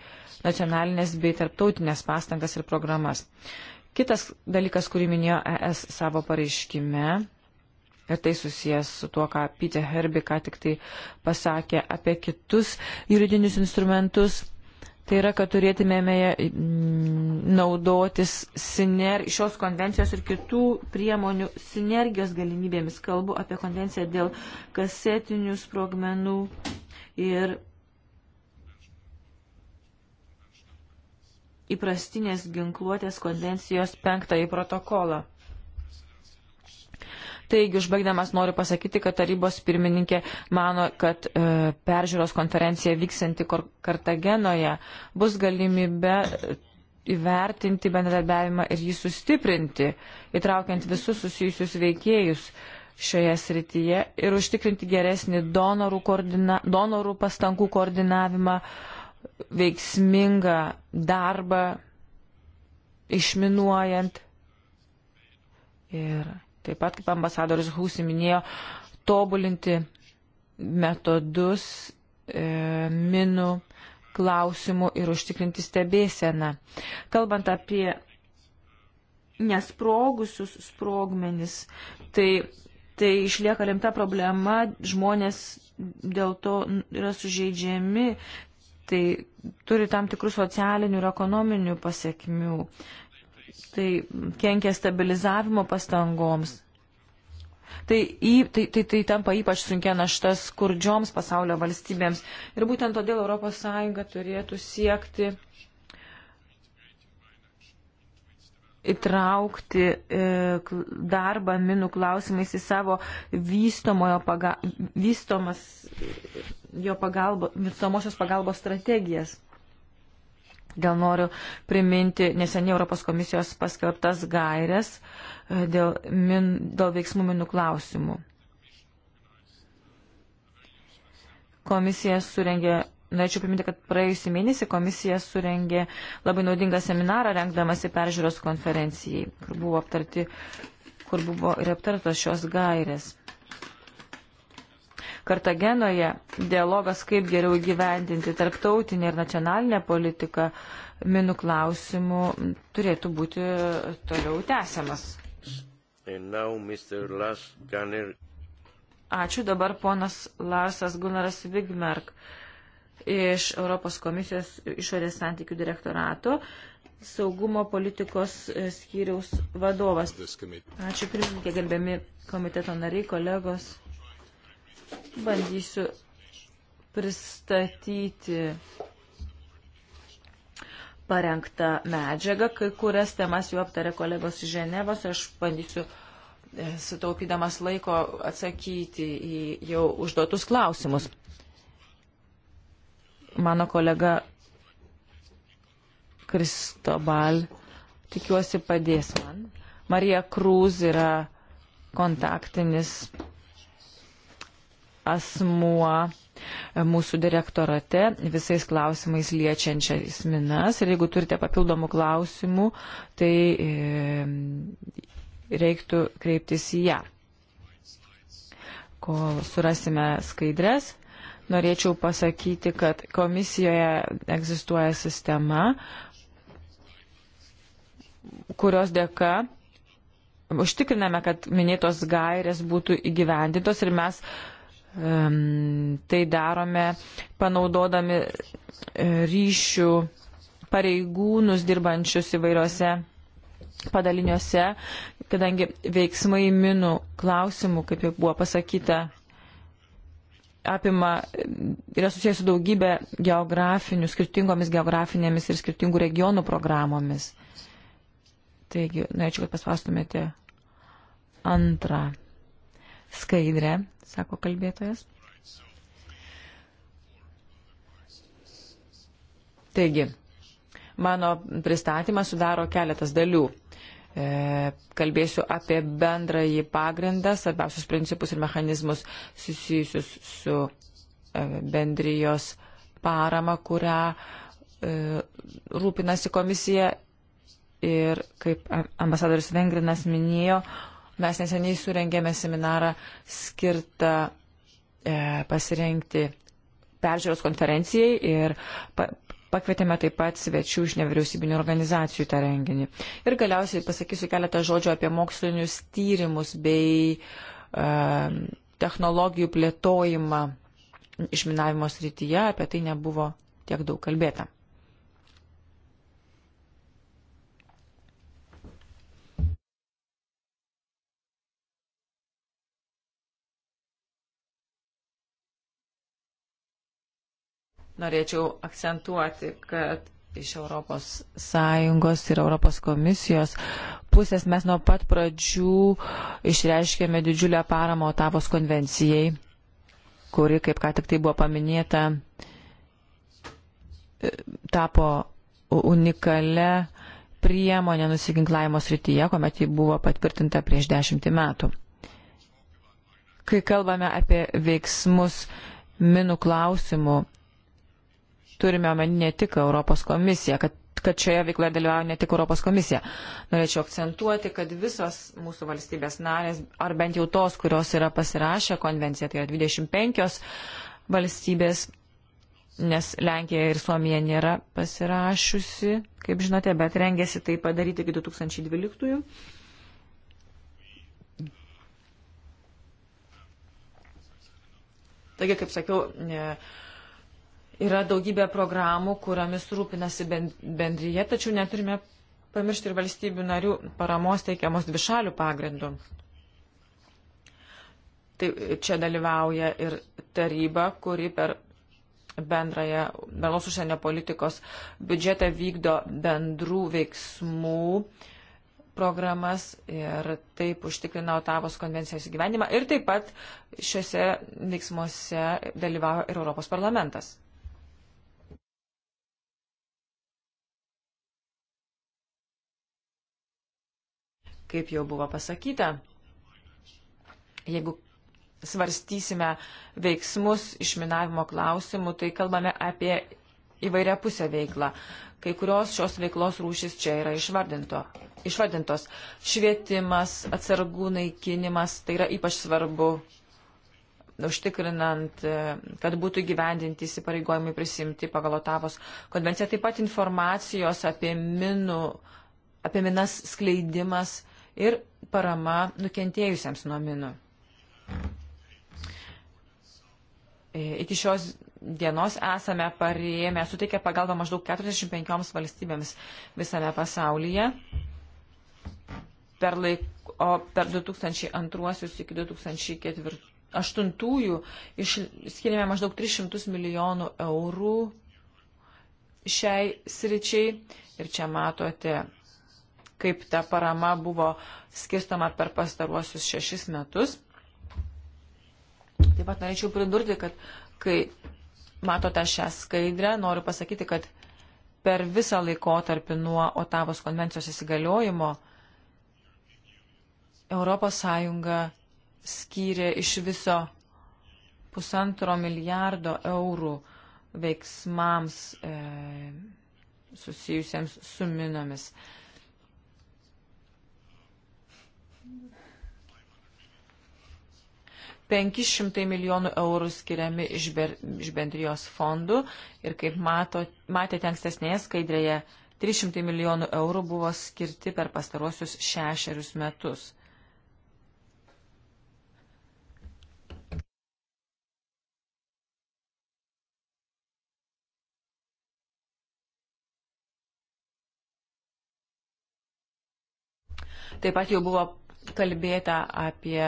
nacionalinės bei tarptautinės pastangas ir programas. Kitas dalykas, kurį minėjo ES savo pareiškime, ir tai susijęs su tuo, ką Pite Herbi ką tik tai pasakė apie kitus juridinius instrumentus, Tai yra, kad turėtumėme mm, naudotis siner, šios konvencijos ir kitų priemonių sinergijos galimybėmis. Kalbu apie konvenciją dėl kasetinių sprogmenų ir įprastinės ginkluotės konvencijos penktąjį protokolą. Taigi, užbaigdamas noriu pasakyti, kad tarybos pirmininkė mano, kad e, peržiūros konferencija vyksianti Kartagenoje bus galimybė e, įvertinti bendradarbiavimą ir jį sustiprinti, įtraukiant visus susijusius veikėjus šioje srityje ir užtikrinti geresnį donorų, koordina, donorų pastangų koordinavimą, veiksmingą darbą, išminuojant ir taip pat kaip ambasadorius Husi minėjo, tobulinti metodus e, minų klausimų ir užtikrinti stebėseną. Kalbant apie nesprogusius sprogmenis, tai, tai išlieka rimta problema, žmonės dėl to yra sužeidžiami, tai turi tam tikrų socialinių ir ekonominių pasiekmių. E, Tai kenkia stabilizavimo pastangoms. Tai, į, tai, tai, tai tampa ypač sunkia našta skurdžioms pasaulio valstybėms. Ir būtent todėl ES turėtų siekti įtraukti e, darbą minų klausimais į savo vystomojo paga, vystomas jo pagalbo, vystomosios pagalbos strategijas. Todėl noriu priminti neseniai Europos komisijos paskelbtas gairias e, dėl, min, dėl veiksmų minų klausimų. Komisija surengė, norėčiau priminti, kad praėjusį mėnesį komisija surengė labai naudingą seminarą rengdamasi peržiūros konferencijai, kur buvo, aptarti, kur buvo ir aptartos šios gairės. Kartagenoje dialogas, kaip geriau gyvendinti tarptautinę ir nacionalinę politiką minų klausimų, turėtų būti toliau tęsiamas. Ačiū dabar ponas Larsas Gunaras Vigmerk iš Europos komisijos išorės santykių direktorato saugumo politikos skyriaus vadovas. Ačiū pirmininkė, gerbiami komiteto nariai, kolegos. Bandysiu pristatyti parengtą medžiagą, kai kurias temas jau aptarė kolegos iš Ženevos, aš bandysiu e, sutaupydamas laiko atsakyti į jau užduotus klausimus. Mano kolega Kristobal, tikiuosi, padės man. Marija Krūz yra kontaktinis asmuo mūsų direktorate visais klausimais liečiančiais minas. Ir jeigu turite papildomų klausimų, tai e, reiktų kreiptis į ją. Kol surasime skaidrės, norėčiau pasakyti, kad komisijoje egzistuoja sistema, kurios dėka užtikriname, kad minėtos gairės būtų įgyvendintos ir mes uh, Tai darome panaudodami e, ryšių pareigūnus dirbančius įvairiose padaliniuose, kadangi veiksmai minų klausimų, kaip jau buvo pasakyta, apima, yra susijęs su daugybė geografinių, skirtingomis geografinėmis ir skirtingų regionų programomis. Taigi, norėčiau, kad paspaustumėte antrą skaidrę sako kalbėtojas. Taigi, mano pristatymą sudaro keletas dalių. E, kalbėsiu apie bendrąjį pagrindą, svarbiausius principus ir mechanizmus susijusius su e, bendrijos parama, kurią e, rūpinasi komisija ir, kaip ambasadoris Vengrinas minėjo, e, Mes neseniai surengėme seminarą skirtą e, pasirengti peržiūros konferencijai ir pa, pakvietėme taip pat svečių iš nevyriausybinių organizacijų tą renginį. Ir galiausiai pasakysiu keletą žodžių apie mokslinius tyrimus bei e, technologijų plėtojimą išminavimo srityje, apie tai nebuvo tiek daug kalbėta. norėčiau akcentuoti, kad iš Europos Sąjungos ir Europos komisijos pusės mes nuo pat pradžių išreiškėme didžiulę paramą Otavos konvencijai, kuri, kaip ką tik tai buvo paminėta, e, tapo unikale priemonė nusiginklavimo srityje, kuomet ji buvo patvirtinta prieš dešimtį metų. Kai kalbame apie veiksmus minų klausimų, turime omeny ne tik Europos komisiją, kad, kad šioje veikloje dalyvauja ne tik Europos komisija. Norėčiau akcentuoti, kad visos mūsų valstybės narės, ar bent jau tos, kurios yra pasirašę konvenciją, tai yra 25 valstybės, nes Lenkija ir Suomija nėra pasirašiusi, kaip žinote, bet rengėsi tai padaryti iki 2012. -ųjų. Taigi, kaip sakiau, ne, Yra daugybė programų, kuriomis rūpinasi bendryje, tačiau neturime pamiršti ir valstybių narių paramos teikiamos dvišalių pagrindų. Tai čia dalyvauja ir taryba, kuri per bendrąją bendros užsienio politikos biudžetą vykdo bendrų veiksmų programas ir taip užtikrina Otavos konvencijos įgyvenimą ir taip pat šiuose veiksmuose dalyvauja ir Europos parlamentas. Kaip jau buvo pasakyta, jeigu svarstysime veiksmus išminavimo klausimų, tai kalbame apie įvairia pusę veiklą. Kai kurios šios veiklos rūšis čia yra išvardinto. išvardintos. Švietimas, atsargų naikinimas, tai yra ypač svarbu užtikrinant, e, kad būtų gyvendinti įsipareigojimai prisimti pagal Otavos konvenciją. Taip pat informacijos apie, minų, apie minas skleidimas ir parama nukentėjusiems nuo minų. E, iki šios dienos esame parėmę, suteikę pagalbą maždaug 45 valstybėms visame pasaulyje. Per laik, o per 2002 iki 2008 skiriame maždaug 300 milijonų eurų šiai sričiai. Ir čia matote kaip ta parama buvo skirstama per pastaruosius šešis metus. Taip pat norėčiau pridurti, kad kai matote šią skaidrę, noriu pasakyti, kad per visą laikotarpį nuo Otavos konvencijos įsigaliojimo ES skyrė iš viso pusantro milijardo eurų veiksmams e, susijusiems su minomis. E, 500 milijonų eurų skiriami iš, ber, iš bendrijos fondų ir kaip mato, matėte ankstesnėje skaidrėje, 300 milijonų eurų buvo skirti per pastarosius šešerius metus. Taip pat jau buvo kalbėta apie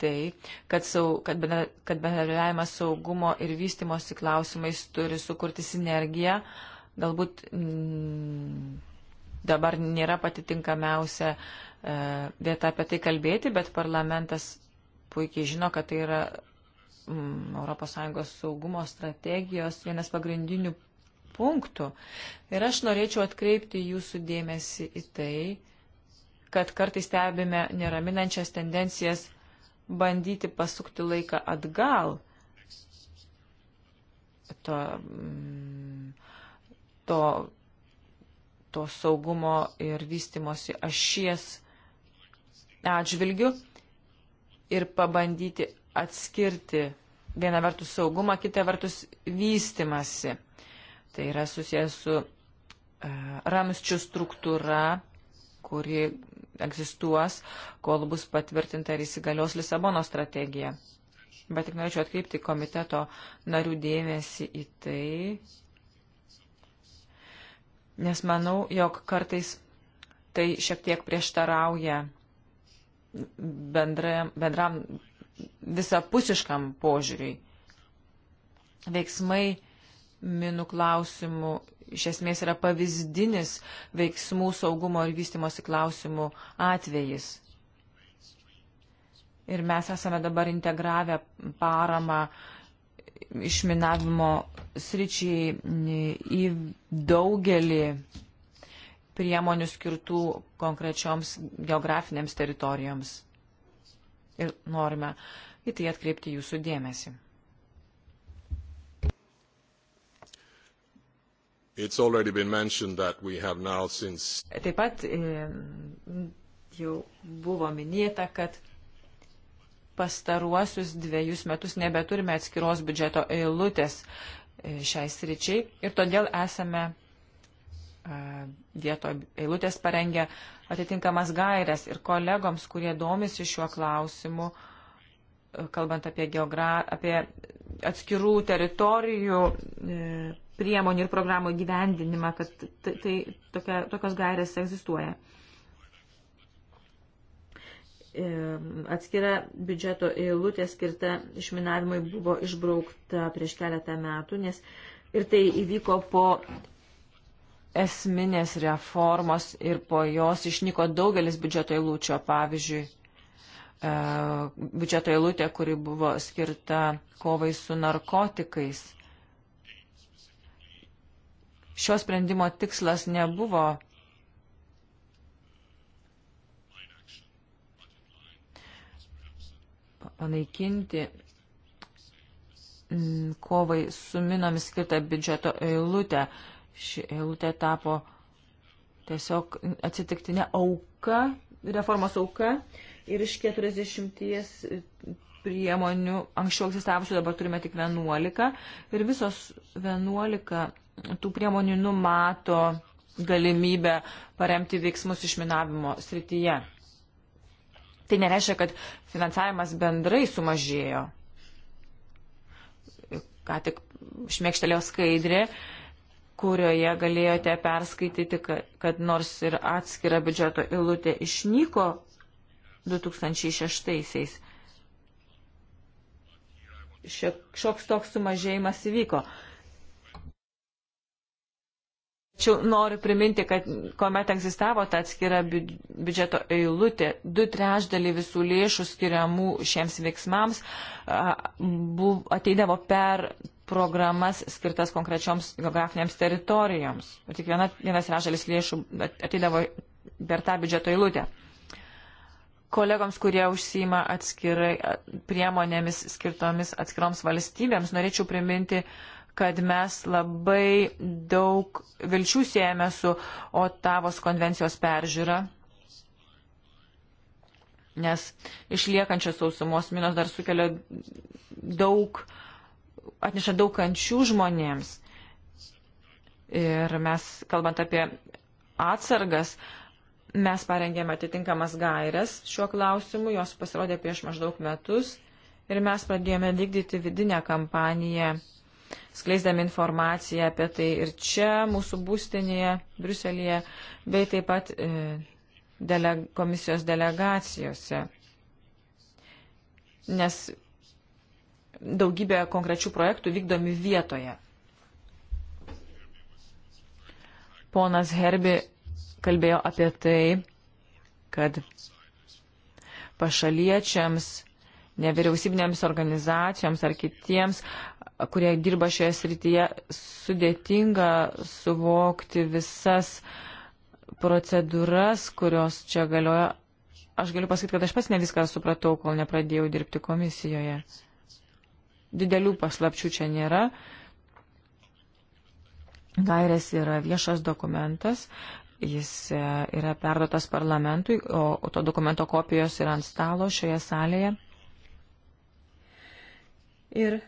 tai, kad, sau, kad, kad bendradarbiavimas saugumo ir vystimosi klausimais turi sukurti sinergiją. Galbūt m, mm, dabar nėra pati tinkamiausia e, vieta apie tai kalbėti, bet parlamentas puikiai žino, kad tai yra m, mm, ES saugumo strategijos vienas pagrindinių punktų. Ir aš norėčiau atkreipti jūsų dėmesį į tai, kad kartais stebime neraminančias tendencijas bandyti pasukti laiką atgal. To, mm, to, to saugumo ir vystimosi ašies atžvilgių ir pabandyti atskirti vieną vertus saugumą, kitą vertus vystimasi. Tai yra susijęs su uh, e, ramščių struktūra kuri egzistuos, kol bus patvirtinta ir įsigalios Lisabono strategija. Bet tik norėčiau atkreipti komiteto narių dėmesį į tai, nes manau, jog kartais tai šiek tiek prieštarauja bendra, bendram visapusiškam požiūriui. Veiksmai minų klausimų iš esmės yra pavyzdinis veiksmų saugumo ir vystimosi klausimų atvejis. Ir mes esame dabar integravę paramą išminavimo sričiai į daugelį priemonių skirtų konkrečioms geografinėms teritorijoms. Ir norime į tai atkreipti jūsų dėmesį. It's already been mentioned that we have now since. Taip pat e, jau buvo minėta, kad pastaruosius dviejus metus nebeturime atskiros biudžeto eilutės e, šiais ryčiai ir todėl esame e, vieto eilutės parengę atitinkamas gairias ir kolegoms, kurie domisi šiuo klausimu, kalbant apie, geogra... apie atskirų teritorijų e, priemonių ir programų gyvendinimą, kad tai, tai tokia, tokios gairės egzistuoja. E, atskira biudžeto eilutė skirta išminavimui buvo išbraukta prieš keletą metų, nes ir tai įvyko po esminės reformos ir po jos išnyko daugelis biudžeto eilučio, pavyzdžiui, E, biudžeto eilutė, kuri buvo skirta kovai su narkotikais. Šio sprendimo tikslas nebuvo panaikinti mm, kovai su minomis skirtą biudžeto eilutę. Ši eilutė tapo tiesiog atsitiktinė auka, reformos auka. Uh, ir iš 40 priemonių, anksčiau egzistavusių, dabar turime tik 11 ir visos 11 tų priemonių numato galimybę paremti veiksmus išminavimo srityje. Tai nereiškia, kad finansavimas bendrai sumažėjo. Ką tik šmėkštelėjo skaidrė, kurioje galėjote perskaityti, kad nors ir atskira biudžeto eilutė išnyko 2006-aisiais. Šioks toks sumažėjimas įvyko. Tačiau noriu priminti, kad kuomet egzistavo ta atskira biudžeto eilutė, du trešdali visų lėšų skiriamų šiems veiksmams ateidavo per programas skirtas konkrečioms geografinėms teritorijoms. Ir tik viena, vienas trešdalis lėšų ateidavo per tą biudžeto eilutę kolegoms, kurie užsima atskirai priemonėmis skirtomis atskiroms valstybėms, norėčiau priminti, kad mes labai daug vilčių siejame su Otavos konvencijos peržiūra, nes išliekančios sausumos minos dar sukelia daug, atneša daug kančių žmonėms. Ir mes, kalbant apie atsargas, uh, Mes parengėme atitinkamas gairias šiuo klausimu, jos pasirodė prieš maždaug metus ir mes pradėjome vykdyti vidinę kampaniją, skleisdami informaciją apie tai ir čia, mūsų būstinėje, Bruselėje, bei taip pat e, dele, komisijos delegacijose. Nes daugybė konkrečių projektų vykdomi vietoje. Ponas Herbi kalbėjo apie tai, kad pašaliečiams, nevyriausybinėms organizacijoms ar kitiems, kurie dirba šioje srityje, sudėtinga suvokti visas procedūras, kurios čia galioja. Aš galiu pasakyti, kad aš pats ne viską supratau, kol nepradėjau dirbti komisijoje. Didelių paslapčių čia nėra. Gairės yra viešas dokumentas, Jis e, yra perdotas parlamentui, o to dokumento kopijos yra ant stalo šioje salėje. Ir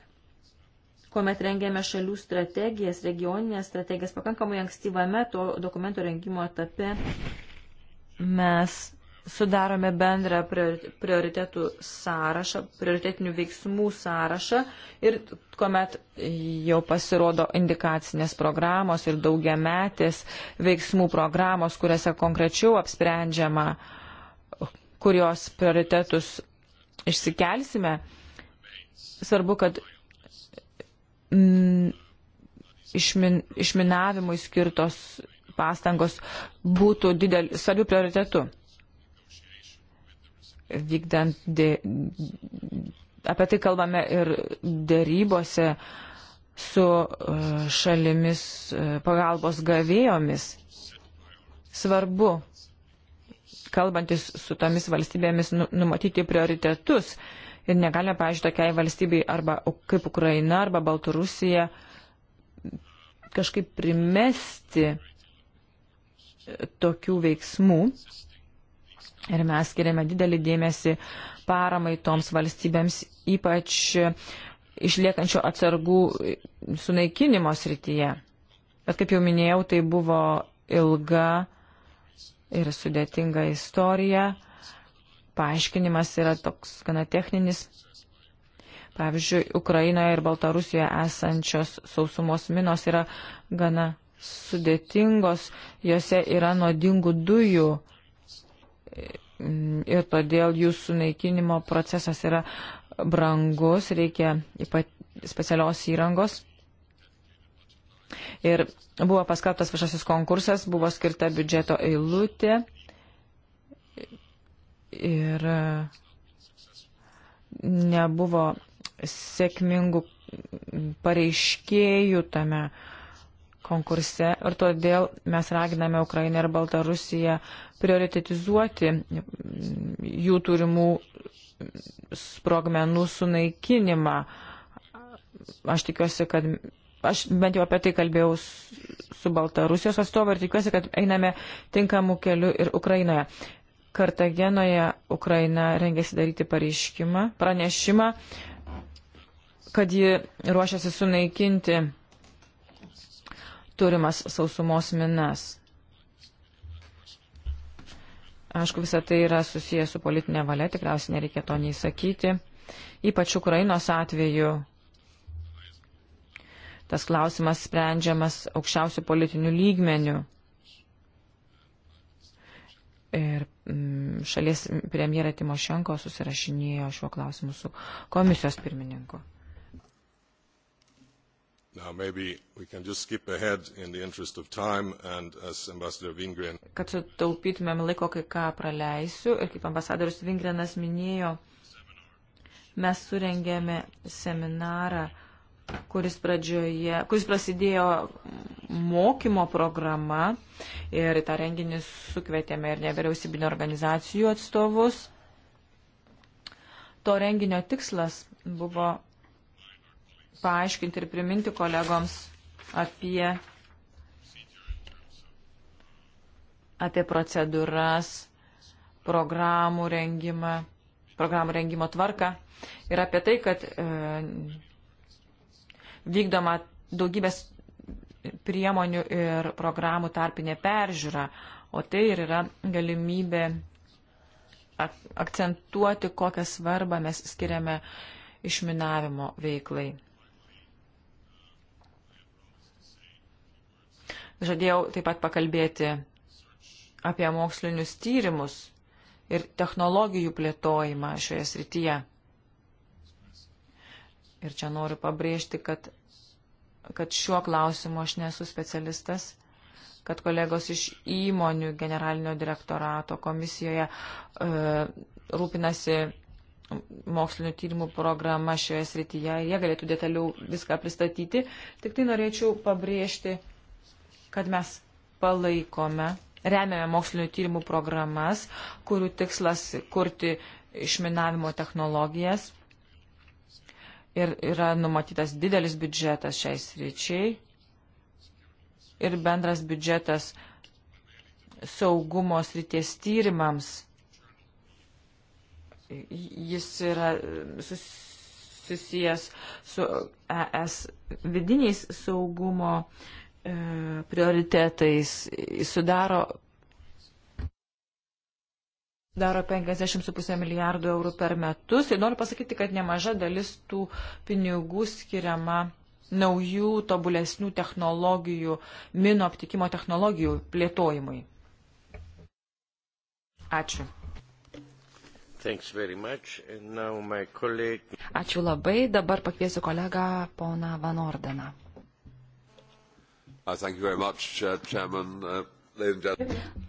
kuomet rengėme šalių strategijas, regioninės strategijas, pakankamai ankstyvame to dokumento rengimo etape mes sudarome bendrą prioritetų sąrašą, prioritetinių veiksmų sąrašą ir kuomet jau pasirodo indikacinės programos ir daugiametės veiksmų programos, kuriuose konkrečiau apsprendžiama, kurios prioritetus išsikelsime, svarbu, kad mm, išmin, išminavimui skirtos pastangos būtų didel, svarbių prioritetų vykdant, dė... apie tai kalbame ir dėrybose su e, šalimis e, pagalbos gavėjomis. Svarbu, kalbantis su tomis valstybėmis, nu, numatyti prioritetus ir negalime, pažiūrėjau, tokiai valstybei arba kaip Ukraina arba Baltarusija kažkaip primesti tokių veiksmų, Ir mes skiriame didelį dėmesį paramai toms valstybėms, ypač išliekančio atsargų sunaikinimo srityje. Bet kaip jau minėjau, tai buvo ilga ir sudėtinga istorija. Paaiškinimas yra toks gana techninis. Pavyzdžiui, Ukrainoje ir Baltarusijoje esančios sausumos minos yra gana sudėtingos, jose yra nuodingų dujų ir todėl jų sunaikinimo procesas yra brangus, reikia specialios įrangos. Ir buvo paskelbtas viešasis konkursas, buvo skirta biudžeto eilutė ir e, nebuvo sėkmingų pareiškėjų tame uh, konkurse ir todėl mes raginame Ukrainą ir Baltarusiją prioritetizuoti jų turimų sprogmenų sunaikinimą. Aš tikiuosi, kad aš bent jau apie tai kalbėjau su Baltarusijos atstovu ir tikiuosi, kad einame tinkamų kelių ir Ukrainoje. Kartagenoje Ukraina rengėsi daryti pareiškimą, pranešimą, kad ji ruošiasi sunaikinti turimas sausumos minas. Aišku, visa tai yra susijęs su politinė valia, tikriausiai nereikia to nei sakyti. Ypač Ukrainos atveju tas klausimas sprendžiamas aukščiausių politinių lygmenių. Ir mm, šalies premjerė Timošenko susirašinėjo šiuo klausimu su komisijos pirmininku. Now maybe we can just skip ahead in the interest of time and as Ambassador Vingren. Kad sutaupytumėm laiko, kai ką praleisiu ir kaip ambasadorius Vingrenas minėjo, mes surengėme seminarą, kuris, pradžioje, kuris prasidėjo mokymo programa ir į tą renginį sukvietėme ir nevyriausybinio organizacijų atstovus. To renginio tikslas buvo paaiškinti ir priminti kolegoms apie, apie procedūras, programų rengimą, programų rengimo tvarką ir apie tai, kad e, vykdoma daugybės priemonių ir programų tarpinė peržiūra, o tai ir yra galimybė ak akcentuoti, kokią svarbą mes skiriame išminavimo veiklai. Žadėjau taip pat pakalbėti apie mokslinius tyrimus ir technologijų plėtojimą šioje srityje. Ir čia noriu pabrėžti, kad, kad šiuo klausimu aš nesu specialistas, kad kolegos iš įmonių generalinio direktorato komisijoje e, rūpinasi mokslinio tyrimų programa šioje srityje ir jie galėtų detaliau viską pristatyti. Tik tai norėčiau pabrėžti, kad mes palaikome, remiame mokslinio tyrimų programas, kurių tikslas kurti išminavimo technologijas. Ir yra numatytas didelis biudžetas šiais ryčiai. Ir bendras biudžetas saugumo srities tyrimams. Jis yra susijęs su ES vidiniais saugumo uh, E, prioritetais sudaro daro 50,5 milijardų eurų per metus. Ir noriu pasakyti, kad nemaža dalis tų pinigų skiriama naujų, tobulesnių technologijų, mino aptikimo technologijų plėtojimui. Ačiū. Ačiū labai. Dabar pakviesiu kolegą poną Van Ordeną. Uh, uh, uh,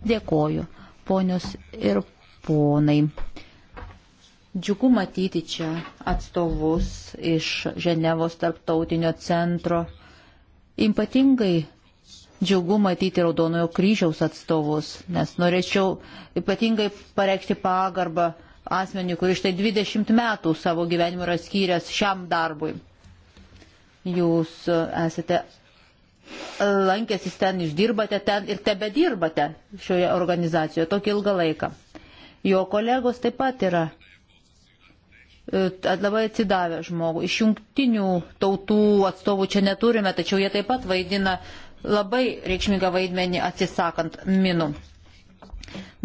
Dėkoju, ponios ir ponai. Džiugu matyti čia atstovus iš Ženevos tarptautinio centro. Ypatingai džiugu matyti Raudonojo kryžiaus atstovus, nes norėčiau ypatingai pareikšti pagarbą asmeniu, kuris štai 20 metų savo gyvenimą yra skyręs šiam darbui. Jūs esate lankėsis ten, išdirbate ten ir tebe dirbate šioje organizacijoje tokį ilgą laiką. Jo kolegos taip pat yra e, labai atsidavę žmogų. Iš jungtinių tautų atstovų čia neturime, tačiau jie taip pat vaidina labai reikšmingą vaidmenį atsisakant minų.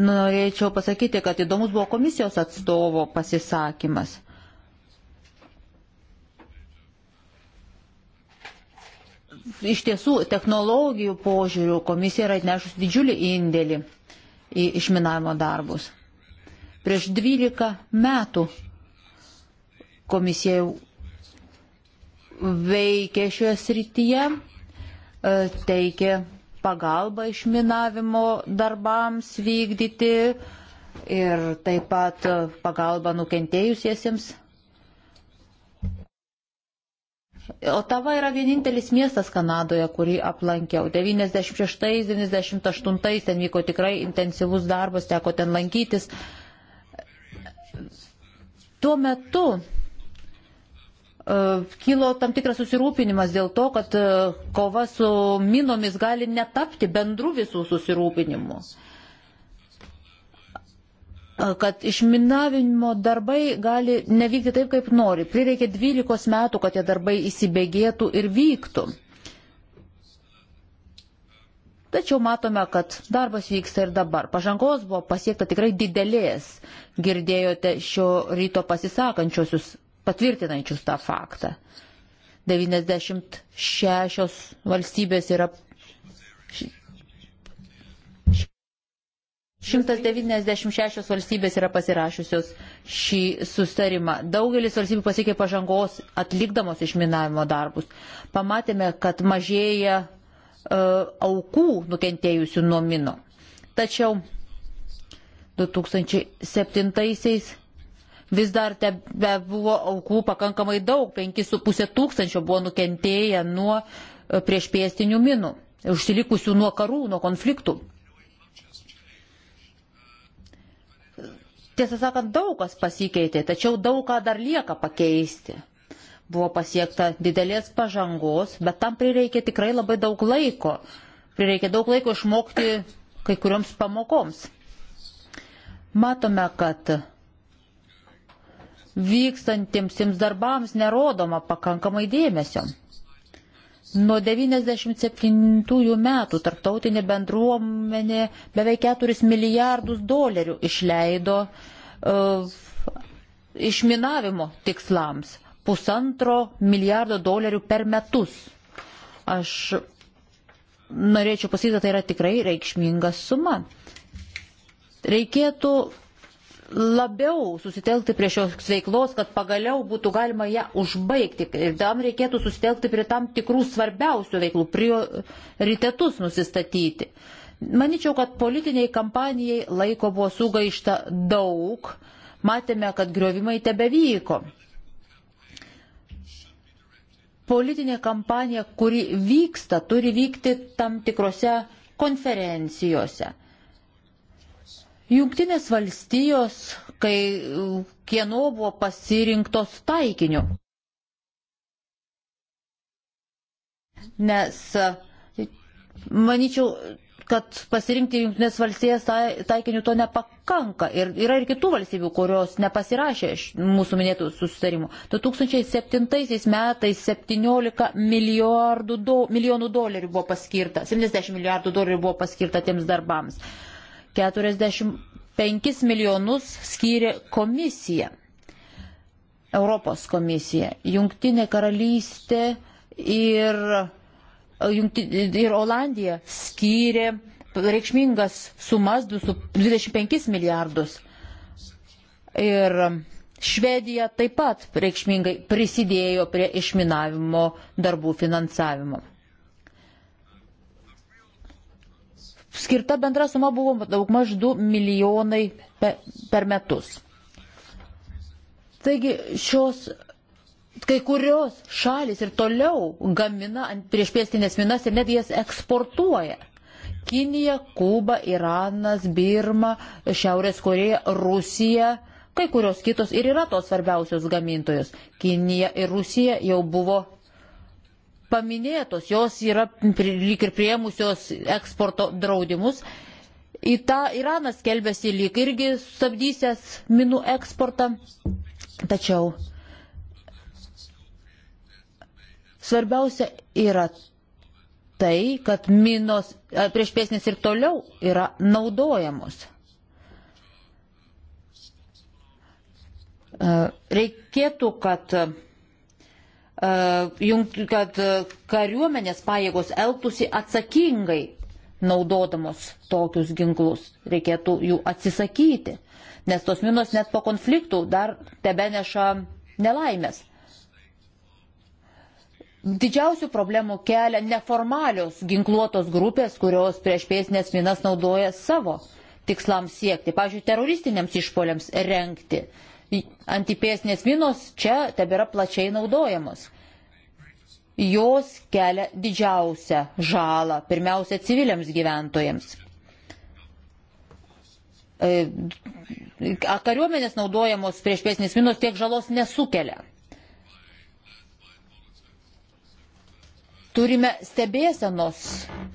Norėčiau pasakyti, kad įdomus buvo komisijos atstovo pasisakymas. iš tiesų technologijų požiūrių komisija yra atnešusi didžiulį indėlį į išminavimo darbus. Prieš 12 metų komisija veikė šioje srityje, e, teikė pagalbą išminavimo darbams vykdyti ir taip pat pagalbą nukentėjusiesiems Otava yra vienintelis miestas Kanadoje, kurį aplankiau. 96-98 ten vyko tikrai intensyvus darbas, teko ten lankytis. Tuo metu e, kilo tam tikras susirūpinimas dėl to, kad e, kova su minomis gali netapti bendrų visų susirūpinimus kad išminavimo darbai gali nevykti taip, kaip nori. Prireikė 12 metų, kad tie darbai įsibėgėtų ir vyktų. Tačiau matome, kad darbas vyksta ir dabar. Pažangos buvo pasiekta tikrai didelės. Girdėjote šio ryto pasisakančiosius, patvirtinančius tą faktą. 96 valstybės yra 196 valstybės yra pasirašiusios šį sustarimą. Daugelis valstybių pasiekė pažangos atlikdamos išminavimo darbus. Pamatėme, kad mažėja uh, aukų nukentėjusių nuo mino. Tačiau 2007-aisiais vis dar tebe buvo aukų pakankamai daug, 5,5 tūkstančio buvo nukentėję nuo e, priešpėstinių minų, užsilikusių nuo karų, nuo konfliktų. Tiesą sakant, daug kas pasikeitė, tačiau daug ką dar lieka pakeisti. Buvo pasiekta didelės pažangos, bet tam prireikė tikrai labai daug laiko. Prireikė daug laiko išmokti kai kurioms pamokoms. Matome, kad vykstantiems darbams nerodoma pakankamai dėmesio. Nuo 1997 metų tarptautinė bendruomenė beveik 4 milijardus dolerių išleido uh, išminavimo tikslams - pusantro milijardo dolerių per metus. Aš norėčiau pasakyti, tai yra tikrai reikšminga suma. Reikėtų labiau susitelkti prie šios veiklos, kad pagaliau būtų galima ją užbaigti. Ir tam reikėtų susitelkti prie tam tikrų svarbiausių veiklų, prioritetus nusistatyti. Maničiau, kad politiniai kampanijai laiko buvo sugaišta daug. Matėme, kad griovimai tebevyko. Politinė kampanija, kuri vyksta, turi vykti tam tikrose konferencijose Jungtinės valstijos, kai kieno buvo pasirinktos taikiniu. Nes, manyčiau, kad pasirinkti Junktinės valstijas tai, taikiniu to nepakanka. Ir yra ir kitų valstybių, kurios nepasirašė mūsų minėtų susitarimų. 2007 metais 17 milijardų do, milijonų dolerių buvo paskirta, 70 milijardų dolerių buvo paskirta tiems darbams. 45 milijonus skyrė komisija, Europos komisija, Jungtinė karalystė ir, ir Olandija skyrė reikšmingas sumas 25 milijardus. Ir Švedija taip pat reikšmingai prisidėjo prie išminavimo darbų finansavimo. skirta bendra suma buvo daugmaž 2 milijonai per metus. Taigi šios kai kurios šalis ir toliau gamina prieš pėstinės minas ir net jas eksportuoja. Kinija, Kuba, Iranas, Birma, Šiaurės Koreja, Rusija, kai kurios kitos ir yra tos svarbiausios gamintojos. Kinija ir Rusija jau buvo paminėtos, jos yra lyg ir priemusios eksporto draudimus. Į tą Iranas kelbėsi lyg irgi stabdysęs minų eksportą. Tačiau svarbiausia yra tai, kad minos prieš pėsnis ir toliau yra naudojamos. Reikėtų, kad E, kad e, kariuomenės pajėgos elgtųsi atsakingai naudodamos tokius ginklus. Reikėtų jų atsisakyti, nes tos minos net po konfliktų dar tebe neša nelaimės. Didžiausių problemų kelia neformalios ginkluotos grupės, kurios prieš pėsnės minas naudoja savo tikslams siekti, pavyzdžiui, teroristiniams išpoliams renkti antipėsnės minos čia tebėra plačiai naudojamos. Jos kelia didžiausią žalą, pirmiausia, civiliams gyventojams. E, kariuomenės naudojamos prieš pėsnės minos tiek žalos nesukelia. turime stebėsenos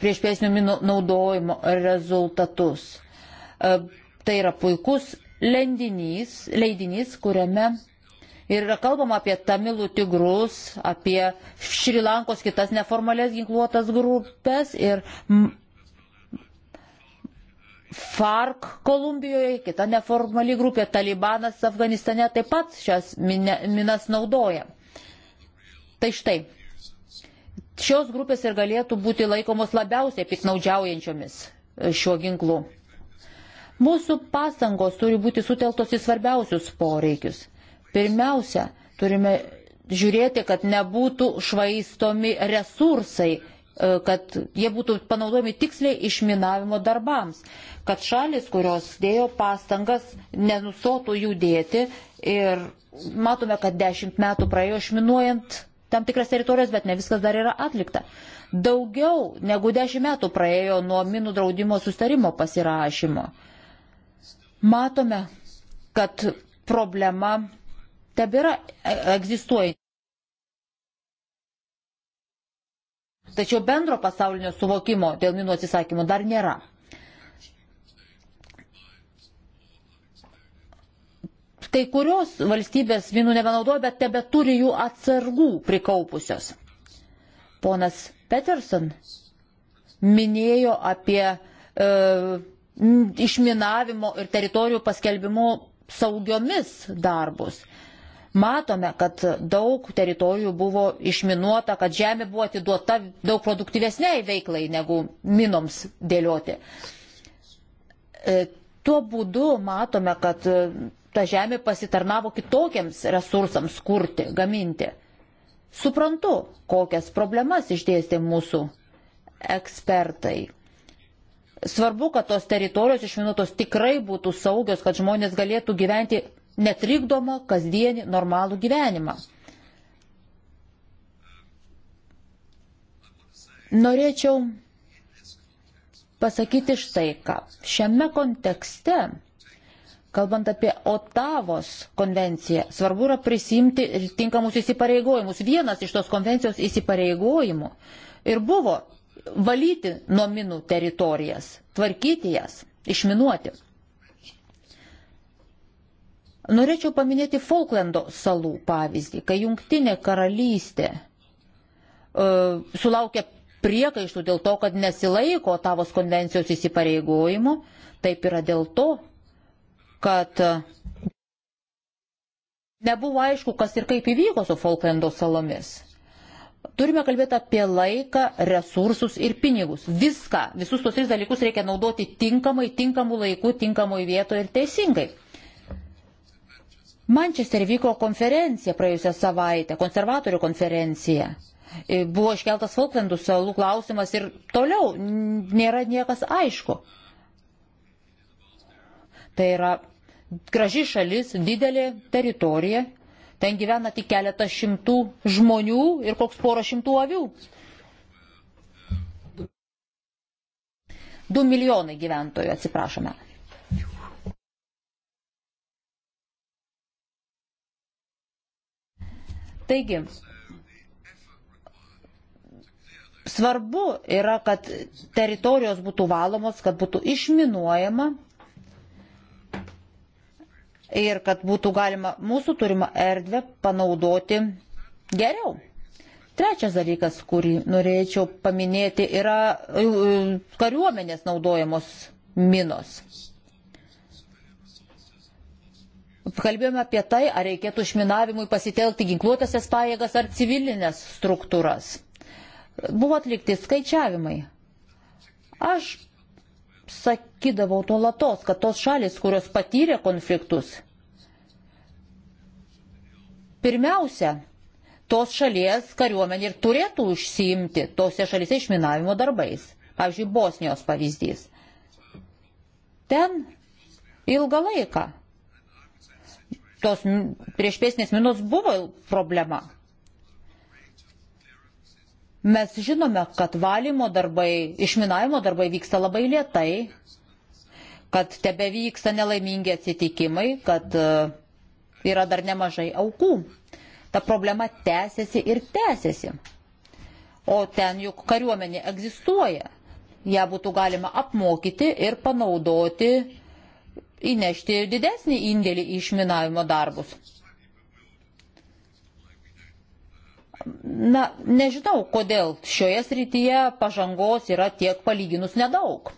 prieš pėsnių minų naudojimo rezultatus. E, tai yra puikus leidinys, leidinys kuriame yra kalbama apie tamilų tigrus, apie Šrilankos kitas neformalias ginkluotas grupės ir FARC Kolumbijoje, kita neformali grupė, Talibanas Afganistane taip pat šias minas naudoja. Tai štai, šios grupės ir galėtų būti laikomos labiausiai piknaudžiaujančiomis e, šiuo ginklu. Mūsų pastangos turi būti suteltos į svarbiausius poreikius. Pirmiausia, turime žiūrėti, kad nebūtų švaistomi resursai e, kad jie būtų panaudojami tiksliai išminavimo darbams, kad šalis, kurios dėjo pastangas, nenusotų judėti ir matome, kad dešimt metų praėjo išminuojant tam tikras teritorijas, bet ne viskas dar yra atlikta. Daugiau negu dešimt metų praėjo nuo minų draudimo sustarimo pasirašymo matome, kad problema tebėra e, egzistuoja. Tačiau bendro pasaulinio suvokimo dėl minų atsisakymo dar nėra. Kai kurios valstybės minų nebenaudoja, bet tebe turi jų atsargų prikaupusios. Ponas Peterson minėjo apie e, išminavimo ir teritorijų paskelbimo saugiomis darbus. Matome, kad daug teritorijų buvo išminuota, kad žemė buvo atiduota daug produktyvesniai veiklai negu minoms dėlioti. E, tuo būdu matome, kad ta žemė pasitarnavo kitokiems resursams kurti, gaminti. Suprantu, kokias problemas išdėstė mūsų ekspertai, Svarbu, kad tos teritorijos išminuotos tikrai būtų saugios, kad žmonės galėtų gyventi netrikdomą, kasdienį, normalų gyvenimą. Norėčiau pasakyti štai ką. Šiame kontekste, kalbant apie Otavos konvenciją, svarbu yra prisimti tinkamus įsipareigojimus. Vienas iš tos konvencijos įsipareigojimų ir buvo valyti nuo minų teritorijas, tvarkyti jas, išminuoti. Norėčiau paminėti Falklando salų pavyzdį, kai jungtinė karalystė e, sulaukė priekaištų dėl to, kad nesilaiko tavos konvencijos įsipareigojimo, taip yra dėl to, kad e, nebuvo aišku, kas ir kaip įvyko su Falklando salomis turime kalbėti apie laiką, resursus ir pinigus. Viską, visus tos tris dalykus reikia naudoti tinkamai, tinkamų laikų, tinkamoje vietoje ir teisingai. Mančester vyko konferencija praėjusią savaitę, konservatorių konferencija. E, Buvo iškeltas Falklandų salų klausimas ir toliau nėra niekas aišku. Tai yra graži šalis, didelė teritorija, Ten gyvena tik keletą šimtų žmonių ir koks pora šimtų avių. 2 milijonai gyventojų, atsiprašome. Taigi, svarbu yra, kad teritorijos būtų valomos, kad būtų išminuojama, ir kad būtų galima mūsų turimą erdvę panaudoti geriau. Trečias dalykas, kurį norėčiau paminėti, yra e, kariuomenės naudojamos minos. Kalbėjome apie tai, ar reikėtų išminavimui pasitelkti ginkluotasias pajėgas ar civilinės struktūras. Buvo atlikti skaičiavimai. Aš sakiau, sakydavau tolatos, kad tos šalis, kurios patyrė konfliktus, pirmiausia, tos šalies kariuomenė ir turėtų užsiimti tose šalise išminavimo darbais. Pavyzdžiui, Bosnijos pavyzdys. Ten ilgą laiką tos priešpėsnės minos buvo problema. Mes žinome, kad valymo darbai, išminavimo darbai vyksta labai lietai, kad tebe vyksta nelaimingi atsitikimai, kad e, yra dar nemažai aukų. Ta problema tęsiasi ir tęsiasi. O ten juk kariuomenė egzistuoja. Ja būtų galima apmokyti ir panaudoti, įnešti didesnį indėlį į išminavimo darbus. Na, nežinau, kodėl šioje srityje pažangos yra tiek palyginus nedaug.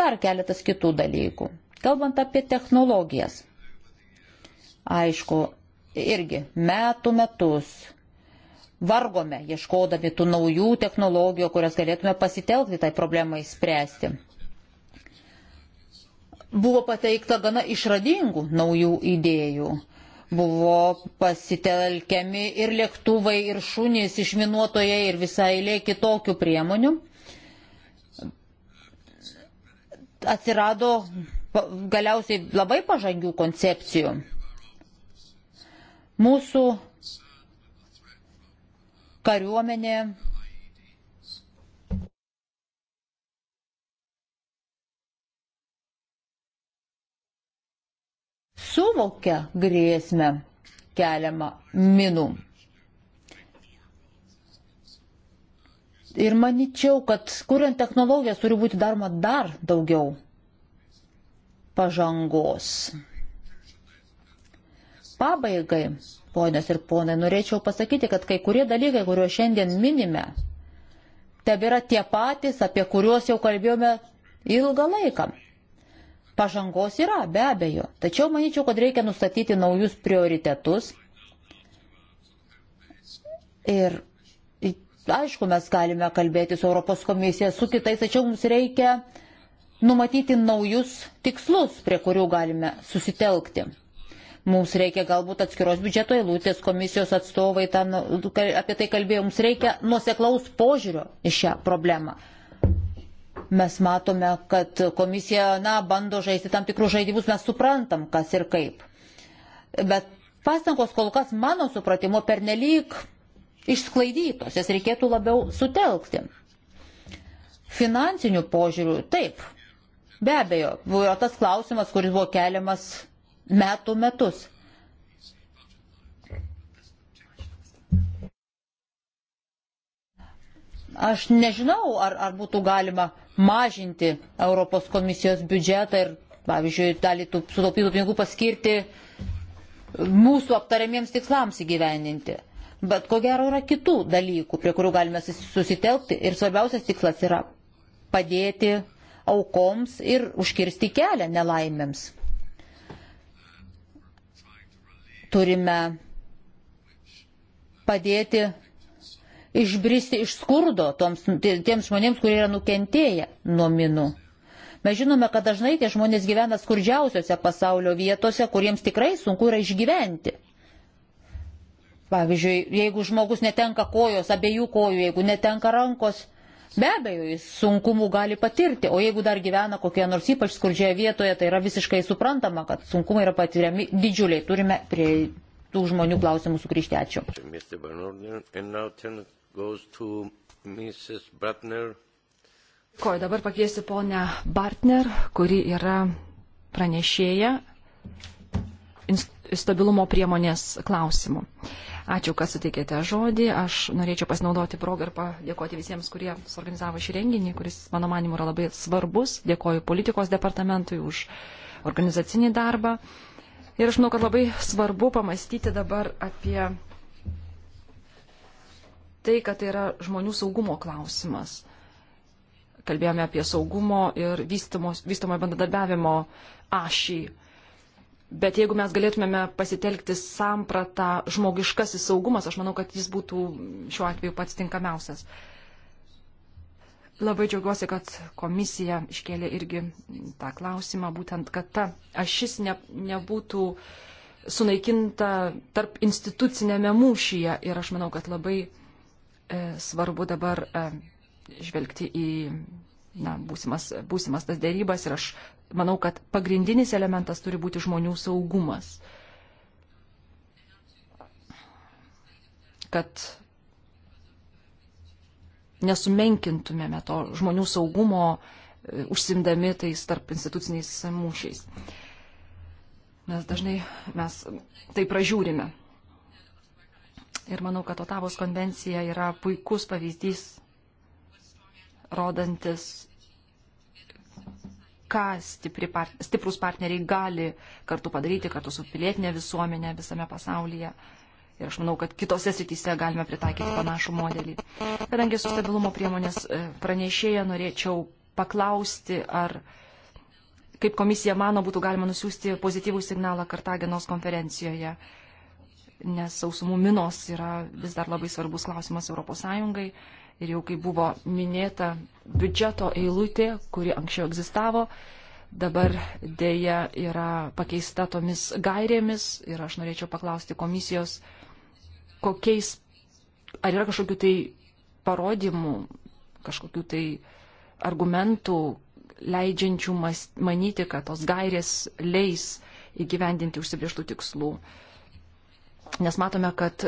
Dar keletas kitų dalykų. Kalbant apie technologijas. Aišku, irgi metų metus vargome ieškodami tų naujų technologijų, kurias galėtume pasitelkti tai problemai spręsti. Buvo pateikta gana išradingų naujų idėjų. Buvo pasitelkiami ir lėktuvai, ir šunys, išminuotojai, ir visai lė kitokių priemonių atsirado galiausiai labai pažangių koncepcijų. Mūsų kariuomenė suvokia grėsmę keliamą minų. Ir manyčiau, kad kuriant technologijas turi būti daroma dar daugiau pažangos. Pabaigai, ponios ir ponai, norėčiau pasakyti, kad kai kurie dalykai, kuriuos šiandien minime, tebėra tie patys, apie kuriuos jau kalbėjome ilgą laiką. Pažangos yra, be abejo, tačiau manyčiau, kad reikia nustatyti naujus prioritetus. Ir Aišku, mes galime kalbėti su Europos komisija, su kitais, tačiau mums reikia numatyti naujus tikslus, prie kurių galime susitelkti. Mums reikia galbūt atskiros biudžeto eilutės, komisijos atstovai ten, apie tai kalbėjo, mums reikia nuoseklaus požiūrio į šią problemą. Mes matome, kad komisija, na, bando žaisti tam tikrus žaidimus, mes suprantam, kas ir kaip. Bet pastangos kol kas, mano supratimo, pernelyg išsklaidytos, jas reikėtų labiau sutelkti. Finansinių požiūrių taip. Be abejo, buvo tas klausimas, kuris buvo keliamas metų metus. Aš nežinau, ar, ar būtų galima mažinti Europos komisijos biudžetą ir, pavyzdžiui, dalį tų sutaupytų pinigų paskirti mūsų aptariamiems tikslams įgyvendinti bet ko gero yra kitų dalykų, prie kurių galime susitelkti ir svarbiausias tikslas yra padėti aukoms ir užkirsti kelią nelaimėms. Turime padėti išbristi iš skurdo toms, tiems žmonėms, kurie yra nukentėję nuo minų. Mes žinome, kad dažnai tie žmonės gyvena skurdžiausiose pasaulio vietose, kuriems tikrai sunku yra išgyventi. Pavyzdžiui, jeigu žmogus netenka kojos, abiejų kojų, jeigu netenka rankos, be abejo, jis sunkumų gali patirti, o jeigu dar gyvena kokioje nors ypač skurdžioje vietoje, tai yra visiškai suprantama, kad sunkumai yra patiriami didžiuliai. Turime prie tų žmonių klausimų sugrįžti. Ačiū. Ko dabar pakviesiu ponę Bartner, kuri yra pranešėja stabilumo priemonės klausimų. Ačiū, kad suteikėte žodį. Aš norėčiau pasinaudoti progą ir padėkoti visiems, kurie suorganizavo šį renginį, kuris, mano manimu, yra labai svarbus. Dėkoju politikos departamentui už organizacinį darbą. Ir aš manau, kad labai svarbu pamastyti dabar apie tai, kad tai yra žmonių saugumo klausimas kalbėjome apie saugumo ir vystomo bendradarbiavimo ašį. Bet jeigu mes galėtumėme pasitelkti sampratą žmogiškasis saugumas, aš manau, kad jis būtų šiuo atveju pats tinkamiausias. Labai džiaugiuosi, kad komisija iškėlė irgi tą klausimą, būtent, kad ta ašis ne, nebūtų sunaikinta tarp institucinėme mūšyje. Ir aš manau, kad labai e, svarbu dabar e, žvelgti į na, būsimas, būsimas tas dėrybas ir aš manau, kad pagrindinis elementas turi būti žmonių saugumas. Kad nesumenkintumėme to žmonių saugumo, e, užsimdami tais tarp instituciniais mūšiais. Nes dažnai mes tai pražiūrime. Ir manau, kad Otavos konvencija yra puikus pavyzdys, rodantis ką part, stiprus partneriai gali kartu padaryti, kartu su pilietinė visuomenė visame pasaulyje. Ir aš manau, kad kitose srityse galime pritaikyti panašų modelį. Kadangi su stabilumo priemonės e, pranešėja norėčiau paklausti, ar kaip komisija mano būtų galima nusiųsti pozityvų signalą Kartagenos konferencijoje, nes sausumų minos yra vis dar labai svarbus klausimas Europos Sąjungai ir jau kaip buvo minėta, biudžeto eilutė, kuri anksčiau egzistavo, dabar dėja yra pakeista tomis gairėmis ir aš norėčiau paklausti komisijos, kokiais, ar yra kažkokių tai parodymų, kažkokių tai argumentų, leidžiančių mas, manyti, kad tos gairės leis įgyvendinti užsibrieštų tikslų. Nes matome, kad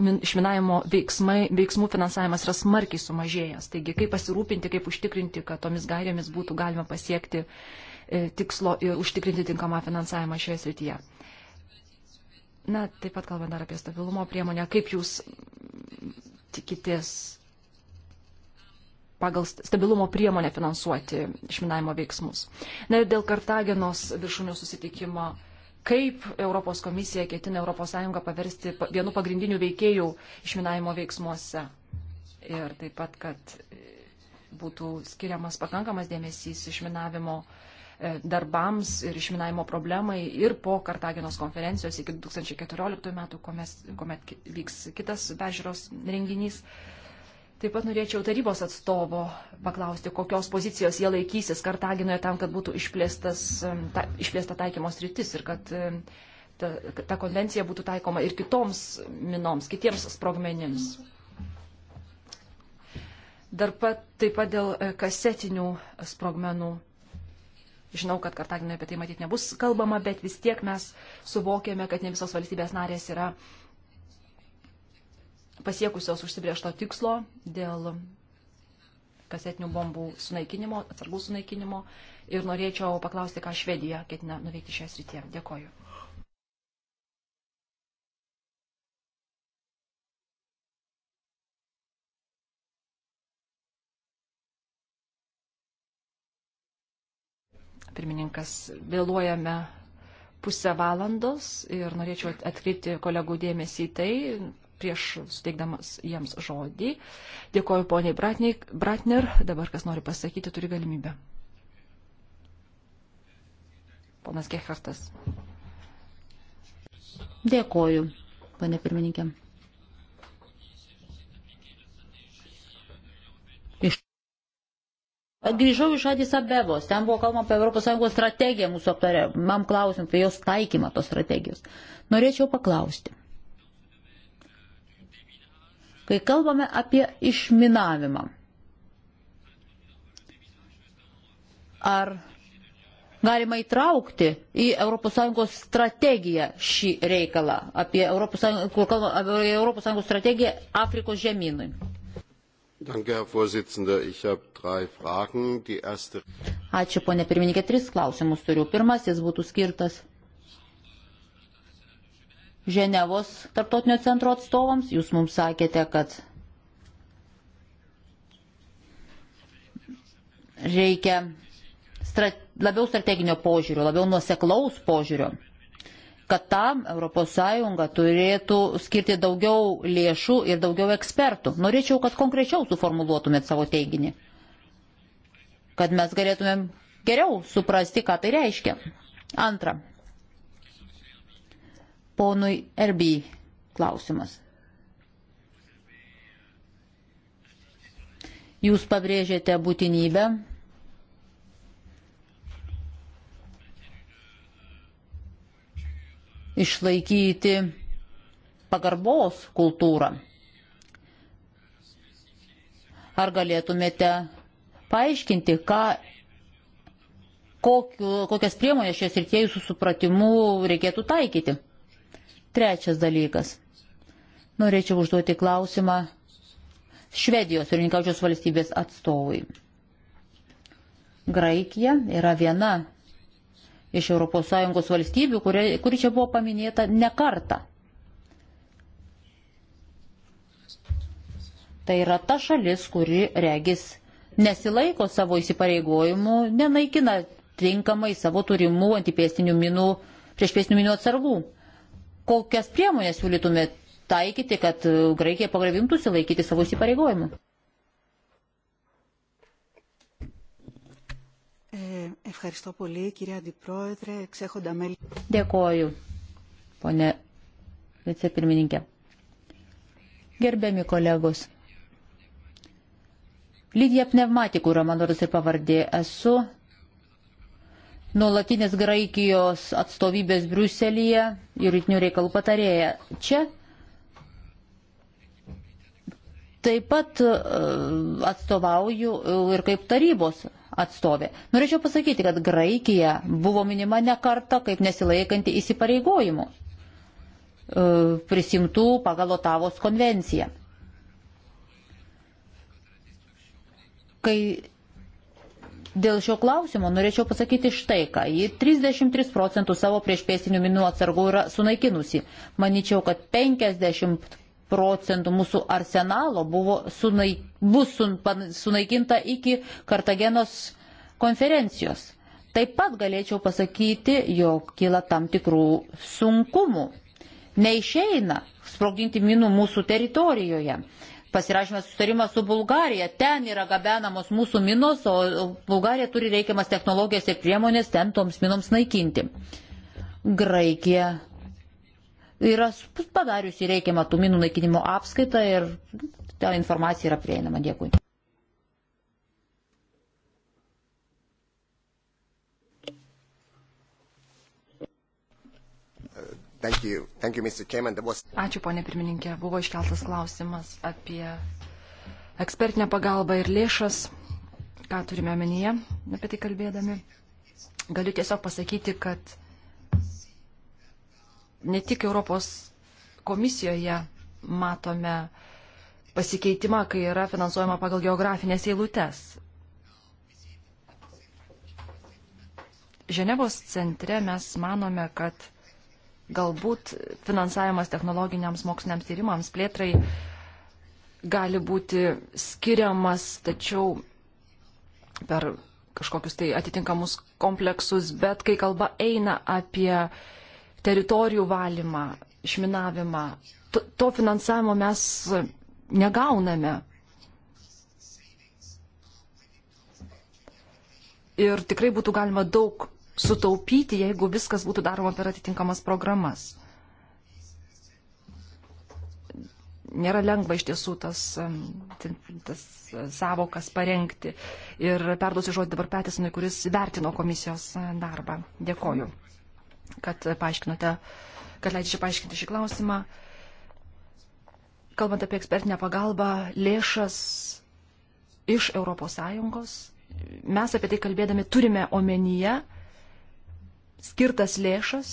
išminavimo veiksmai, veiksmų finansavimas yra smarkiai sumažėjęs. Taigi, kaip pasirūpinti, kaip užtikrinti, kad tomis gairėmis būtų galima pasiekti e, tikslo ir užtikrinti tinkamą finansavimą šioje srityje. Na, taip pat kalbant dar apie stabilumo priemonę, kaip jūs tikitės pagal stabilumo priemonę finansuoti išminavimo veiksmus. Na ir dėl Kartagenos viršūnių susitikimo kaip Europos komisija ketina ES paversti vienu pagrindinių veikėjų išminavimo veiksmuose. Ir taip pat, kad e, būtų skiriamas pakankamas dėmesys išminavimo e, darbams ir išminavimo problemai ir po Kartagenos konferencijos iki 2014 metų, kuomet vyks kitas peržiūros renginys. Taip pat norėčiau tarybos atstovo paklausti, kokios pozicijos jie laikysis Kartaginoje tam, kad būtų ta, išplėsta taikymos rytis ir kad ta, ta konvencija būtų taikoma ir kitoms minoms, kitiems sprogmenims. Dar pat, taip pat dėl e, kasetinių sprogmenų. Žinau, kad Kartaginoje apie tai matyti nebus kalbama, bet vis tiek mes suvokėme, kad ne visos valstybės narės yra uh, pasiekusios užsibriešto tikslo dėl kasetinių bombų sunaikinimo, atsargų sunaikinimo. Ir norėčiau paklausti, ką Švedija ketina nuveikti šią srityje. Dėkoju. Pirmininkas, vėluojame pusę valandos ir norėčiau atkreipti kolegų dėmesį į tai, prieš suteikdamas jiems žodį. Dėkoju poniai Bratner, dabar kas nori pasakyti, turi galimybę. Ponas Gehartas. Dėkoju, pane pirmininkė. Iš... Grįžau iš Adis Abebos, ten buvo kalbama apie ES strategiją mūsų aptariamam klausimui, apie jos taikymą tos strategijos. Norėčiau paklausti. Kai kalbame apie išminavimą, ar galima įtraukti į ES strategiją šį reikalą, apie ES, kur kalbame apie ES strategiją Afrikos žemynui. Danke, Herr Vorsitzender. Ich habe drei Fragen. Die erste. Ačiū, ponė pirmininkė, tris klausimus turiu. Pirmasis būtų skirtas Ženevos tarptautinio centro atstovams. Jūs mums sakėte, kad reikia strate labiau strateginio požiūrio, labiau nuoseklaus požiūrio, kad tam ES turėtų skirti daugiau lėšų ir daugiau ekspertų. Norėčiau, kad konkrečiau suformuluotumėt savo teiginį, kad mes galėtumėm geriau suprasti, ką tai reiškia. Antra, Ponui Erby klausimas. Jūs pabrėžėte būtinybę išlaikyti pagarbos kultūrą. Ar galėtumėte paaiškinti, ką, kokiu, kokias priemonės šias ir tie jūsų supratimu reikėtų taikyti? Trečias dalykas. Norėčiau užduoti klausimą Švedijos ir Nikaučios valstybės atstovui. Graikija yra viena iš ES valstybių, kuri, kuri čia buvo paminėta ne kartą. Tai yra ta šalis, kuri regis nesilaiko savo įsipareigojimų, nenaikina tinkamai savo turimų antipėstinių minų, priešpėstinių minų atsargų kokias priemonės siūlytumėt taikyti, kad e, Graikija pagrevimtųsi laikyti savo įsipareigojimų? Eh, ευχαριστώ πολύ, κύριε Αντιπρόεδρε, εξέχοντα μέλη. Dėkoju, ponė vicepirmininkė. Gerbiami kolegos. Lydija pneumatikų, yra mano ir pavardė, esu nuolatinės Graikijos atstovybės Briuselyje juridinių reikalų patarėja. Čia taip pat e, atstovauju ir kaip tarybos atstovė. Norėčiau pasakyti, kad Graikija buvo minima ne kartą kaip nesilaikanti įsipareigojimų e, prisimtų pagal Otavos konvenciją. Kai dėl šio klausimo norėčiau pasakyti štai ką. Ji 33 procentų savo priešpėsinių minų atsargų yra sunaikinusi. Maničiau, kad 50 procentų mūsų arsenalo buvo sunaik, bus sun, pan, sunaikinta iki Kartagenos konferencijos. Taip pat galėčiau pasakyti, jog kyla tam tikrų sunkumų. Neišeina sprogdinti minų mūsų teritorijoje pasirašėme sustarimą su Bulgarija. Ten yra gabenamos mūsų minos, o Bulgarija turi reikiamas technologijas ir priemonės ten toms minoms naikinti. Graikija yra padariusi reikiamą tų minų naikinimo apskaitą ir ta informacija yra prieinama. Dėkui. Thank you. Thank you, was... Ačiū, ponė pirmininkė. Buvo iškeltas klausimas apie ekspertinę pagalbą ir lėšas. Ką turime omenyje apie tai kalbėdami? Galiu tiesiog pasakyti, kad ne tik Europos komisijoje matome pasikeitimą, kai yra finansuojama pagal geografinės eilutes. Ženevos centre mes manome, kad Galbūt finansavimas technologiniams moksliniams tyrimams plėtrai gali būti skiriamas, tačiau per kažkokius tai atitinkamus kompleksus, bet kai kalba eina apie teritorijų valymą, išminavimą, to, to finansavimo mes negauname. Ir tikrai būtų galima daug sutaupyti, jeigu viskas būtų daroma per atitinkamas programas. Nėra lengva iš tiesų tas, tas savokas parengti. Ir perduosiu žodį dabar Petisonui, kuris vertino komisijos e, darbą. Dėkoju, kad paaiškinote, kad leidžiate paaiškinti šį klausimą. Kalbant apie ekspertinę pagalbą, lėšas iš ES, mes apie tai kalbėdami turime omenyje, skirtas lėšas,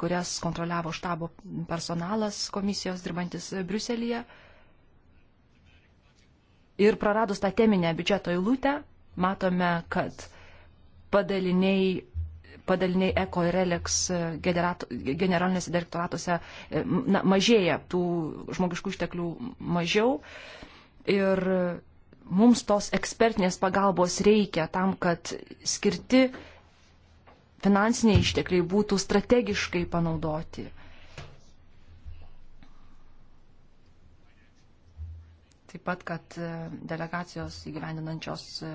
kurias kontroliavo štabo personalas komisijos dirbantis Briuselėje. Ir praradus tą teminę biudžeto eilutę, matome, kad padaliniai, padaliniai Eko ir Relex generalinėse direktoratuose na, mažėja, tų žmogiškų išteklių mažiau. Ir mums tos ekspertinės pagalbos reikia tam, kad skirti finansiniai ištekliai būtų strategiškai panaudoti. Taip pat, kad e, delegacijos įgyvendinančios e,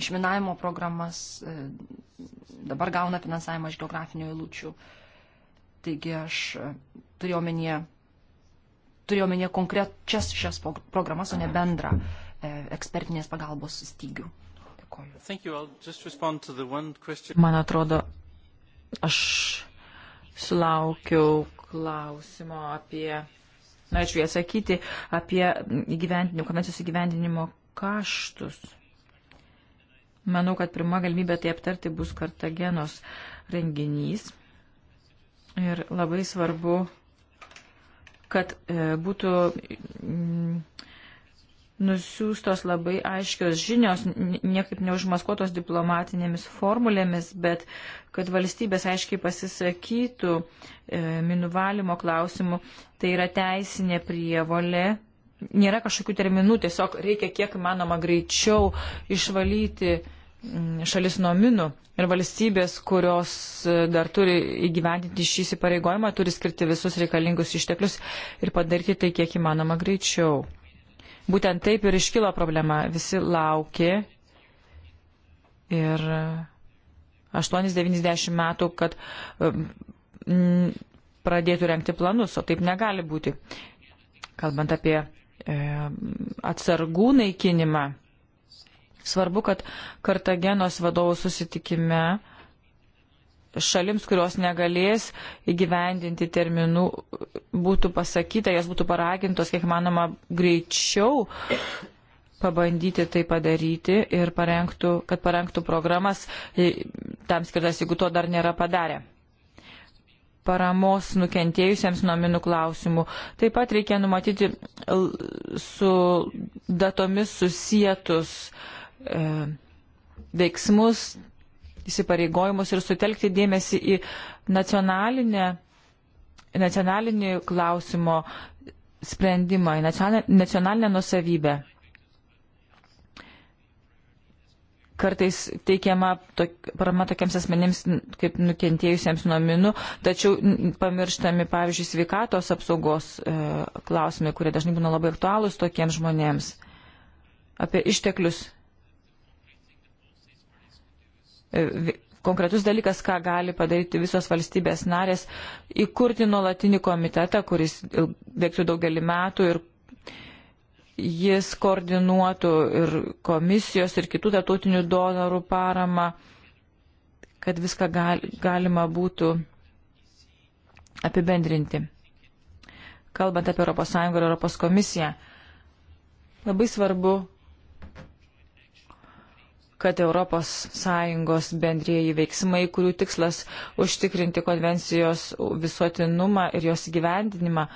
išminavimo programas e, dabar gauna finansavimą iš geografinių eilučių. Taigi aš turėjau menyje, turėjau menyje konkrečias šias programas, o ne bendrą ekspertinės pagalbos stygių. Dėkoju. Man atrodo, aš sulaukiau klausimo apie, na, aš jį atsakyti, apie įgyvendinimo, konvencijos įgyvendinimo kaštus. Manau, kad pirma galimybė tai aptarti bus Kartagenos renginys. Ir labai svarbu, kad e, būtų. Mm, nusiųstos labai aiškios žinios, niekaip neužmaskuotos diplomatinėmis formulėmis, bet kad valstybės aiškiai pasisakytų e, minų valymo klausimų, tai yra teisinė prievolė. Nėra kažkokių terminų, tiesiog reikia kiek manoma greičiau išvalyti šalis nuo minų ir valstybės, kurios e, dar turi įgyvendinti šį įsipareigojimą, turi skirti visus reikalingus išteklius ir padaryti tai kiek įmanoma greičiau. Būtent taip ir iškilo problema. Visi laukė ir 8-90 metų, kad um, pradėtų renkti planus, o taip negali būti. Kalbant apie e, atsargų naikinimą, svarbu, kad Kartagenos vadovų susitikime šalims, kurios negalės įgyvendinti terminų, būtų pasakyta, jas būtų paragintos, kiek manoma, greičiau pabandyti tai padaryti ir parengtų, kad parengtų programas e, tam skirtas, jeigu to dar nėra padarę. Paramos nukentėjusiems nuo minų klausimų. Taip pat reikia numatyti su datomis susijėtus e, veiksmus, įsipareigojimus ir sutelkti dėmesį į nacionalinę, nacionalinį klausimo sprendimą, į nacionalinę, nacionalinę nusavybę. Kartais teikiama tok, parama tokiems asmenims kaip nukentėjusiems nuo minų, tačiau pamirštami, pavyzdžiui, sveikatos apsaugos e, klausimai, kurie dažnai būna labai aktualūs tokiems žmonėms. Apie išteklius E, konkretus dalykas, ką gali padaryti visos valstybės narės, įkurti nuolatinį komitetą, kuris veiktų daugelį metų ir jis koordinuotų ir komisijos, ir kitų tarptautinių donorų paramą, kad viską gal, galima būtų apibendrinti. Kalbant apie ES ir ES komisiją, labai svarbu kad ES bendrieji veiksmai, kurių tikslas užtikrinti konvencijos visuotinumą ir jos gyvendinimą,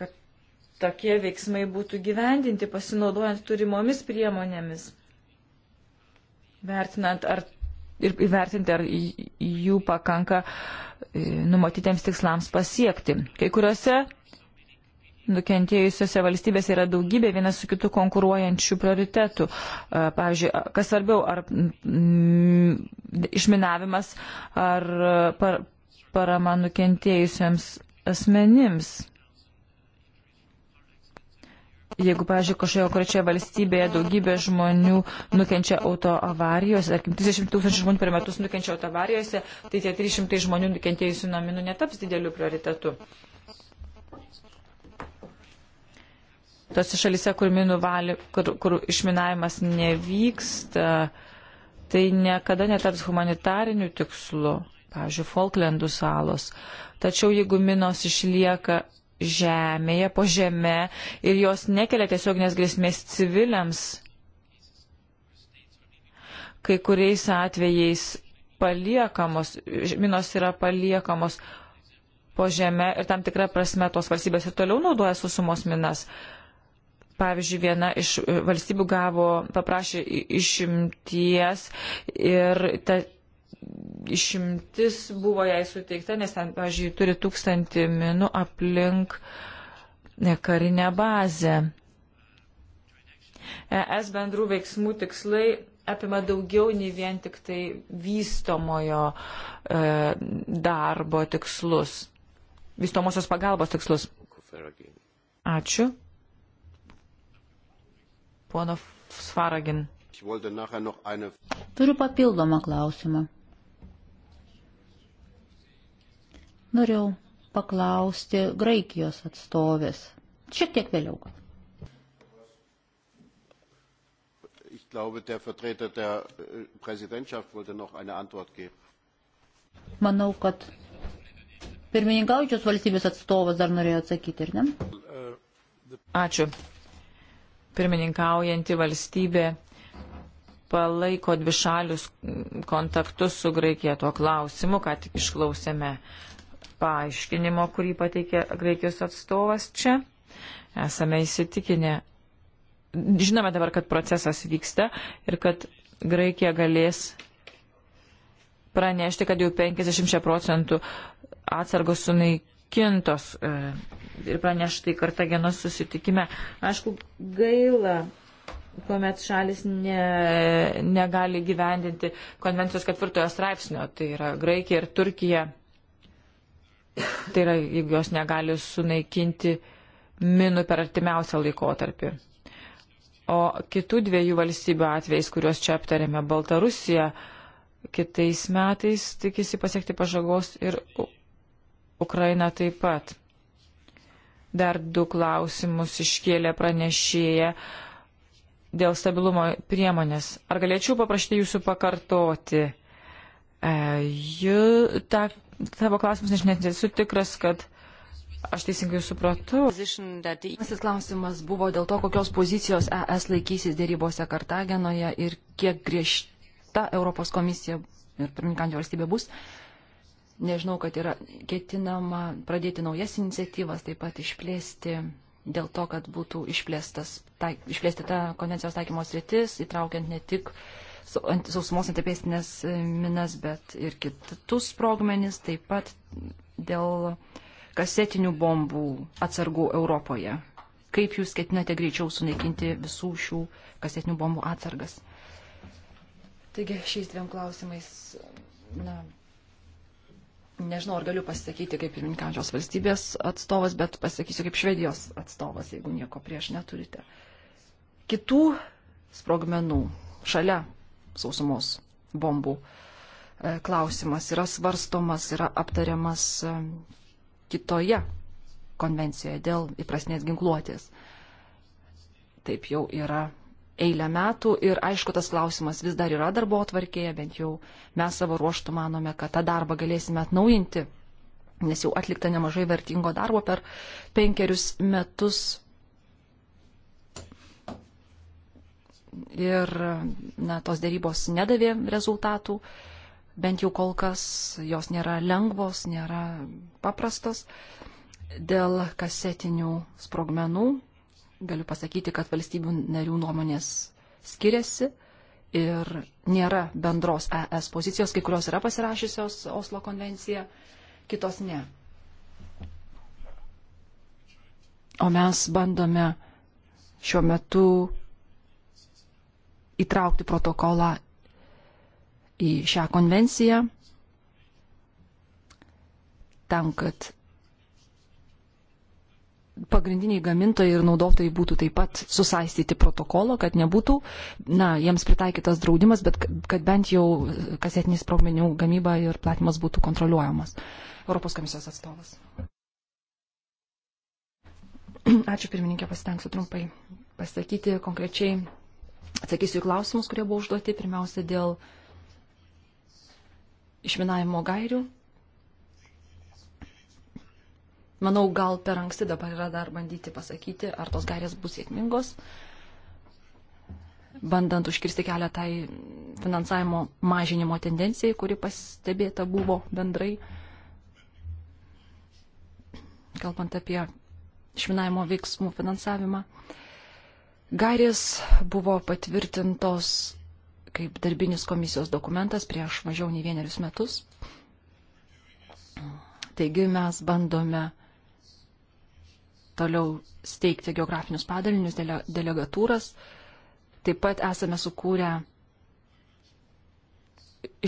kad tokie veiksmai būtų gyvendinti pasinaudojant turimomis priemonėmis, vertinant ar ir įvertinti, ar jų pakanka e, numatytiems tikslams pasiekti. Kai kuriuose nukentėjusiose valstybėse yra daugybė vienas su kitu konkuruojančių prioritetų. Pavyzdžiui, kas svarbiau, ar mm, išminavimas, ar par, parama nukentėjusiems asmenims. Jeigu, pavyzdžiui, kažkoje konkrečioje valstybėje daugybė žmonių nukenčia autoavarijose, tarkim, 30 tūkstančių žmonių per metus nukenčia autoavarijose, tai tie 300 žmonių nukentėjusių nuo minų netaps dideliu prioritetu. Uh, tose šalise, kur, vali, kur, kur išminavimas nevyksta, tai niekada netaps humanitariniu tikslu, pavyzdžiui, Falklandų salos. Tačiau jeigu minos išlieka žemėje, po žemė ir jos nekelia tiesioginės grėsmės civiliams, kai kuriais atvejais paliekamos, minos yra paliekamos po žemė ir tam tikrą prasme tos valstybės ir toliau naudoja susumos minas. Uh, Pavyzdžiui, viena iš e, valstybių gavo, paprašė išimties ir ta išimtis buvo jai suteikta, nes ten, pavyzdžiui, turi tūkstantį minų aplink e, karinę bazę. ES bendrų veiksmų tikslai apima daugiau nei vien tik tai vystomojo e, darbo tikslus, vystomosios pagalbos tikslus. Ačiū pono Svaragin. Turiu papildomą klausimą. Norėjau paklausti Graikijos atstovės. Šiek tiek vėliau. Ich glaube, der Vertreter der äh, Präsidentschaft wollte noch eine Antwort geben. Manau, kad pirmininkaujančios valstybės atstovas dar norėjo atsakyti, ar ne? Ačiū pirmininkaujanti valstybė palaiko dvišalius kontaktus su Graikija tuo klausimu, ką tik išklausėme paaiškinimo, kurį pateikė Graikijos atstovas čia. Esame įsitikinę, žinome dabar, kad procesas vyksta ir kad Graikija galės pranešti, kad jau 50 procentų atsargos sunaikė panaikintos e, ir praneštai Kartagenos susitikime. Aišku, gaila, kuomet šalis ne, negali gyvendinti konvencijos ketvirtojo straipsnio, tai yra Graikija ir Turkija. Tai yra, jeigu jos negali sunaikinti minų per artimiausią laikotarpį. O kitų dviejų valstybių atvejais, kuriuos čia aptarėme, Baltarusija kitais metais tikisi pasiekti pažagos ir Ukraina taip pat. Dar du klausimus iškėlė pranešėja dėl stabilumo priemonės. Ar galėčiau paprašyti jūsų pakartoti? E, jų, ta, tavo klausimus, aš net nesu tikras, kad Aš teisingai supratau. Pirmasis klausimas buvo dėl to, kokios pozicijos ES laikysis dėrybose Kartagenoje ir kiek griežta Europos komisija ir pirmininkantė valstybė bus. Uh, Nežinau, kad yra ketinama pradėti naujas iniciatyvas, taip pat išplėsti dėl to, kad būtų išplėstas, taik, išplėsti ta konvencijos taikymos rytis, įtraukiant ne tik sausumos antipėstinės e, minas, bet ir kitus sprogmenis, taip pat dėl kasetinių bombų atsargų Europoje. Kaip jūs ketinate greičiau sunaikinti visų šių kasetinių bombų atsargas? Taigi šiais dviem klausimais, na, Nežinau, ar galiu pasisakyti kaip pirmininkančios valstybės atstovas, bet pasakysiu kaip Švedijos atstovas, jeigu nieko prieš neturite. Kitų sprogmenų šalia sausumos bombų e, klausimas yra svarstomas, yra aptariamas e, kitoje konvencijoje dėl įprasnės ginkluotės. Taip jau yra eilę metų ir aišku, tas klausimas vis dar yra darbo atvarkėje, bent jau mes savo ruoštų manome, kad tą darbą galėsime atnaujinti, nes jau atlikta nemažai vertingo darbo per penkerius metus. Ir na, tos dėrybos nedavė rezultatų, bent jau kol kas jos nėra lengvos, nėra paprastos. Dėl kasetinių sprogmenų galiu pasakyti, kad valstybių narių nuomonės skiriasi ir nėra bendros ES pozicijos, kai kurios yra pasirašysios Oslo konvenciją, kitos ne. O mes bandome šiuo metu įtraukti protokolą į šią konvenciją tam, kad pagrindiniai gamintojai ir naudotojai būtų taip pat susaistyti protokolo, kad nebūtų, na, jiems pritaikytas draudimas, bet kad bent jau kasetinis sprogmenių gamyba ir platimas būtų kontroliuojamas. Europos komisijos atstovas. Ačiū pirmininkė, pasitengsiu trumpai pasakyti konkrečiai. Atsakysiu į klausimus, kurie buvo užduoti. Pirmiausia, dėl išminavimo gairių Manau, gal per anksti dabar yra dar bandyti pasakyti, ar tos gairės bus sėkmingos, bandant užkirsti kelią tai finansavimo mažinimo tendencijai, kuri pastebėta buvo bendrai, kalbant apie švinavimo veiksmų finansavimą. Gairės buvo patvirtintos kaip darbinis komisijos dokumentas prieš mažiau nei vienerius metus. Taigi mes bandome toliau steigti geografinius padalinius, dele, delegatūras. Taip pat esame sukūrę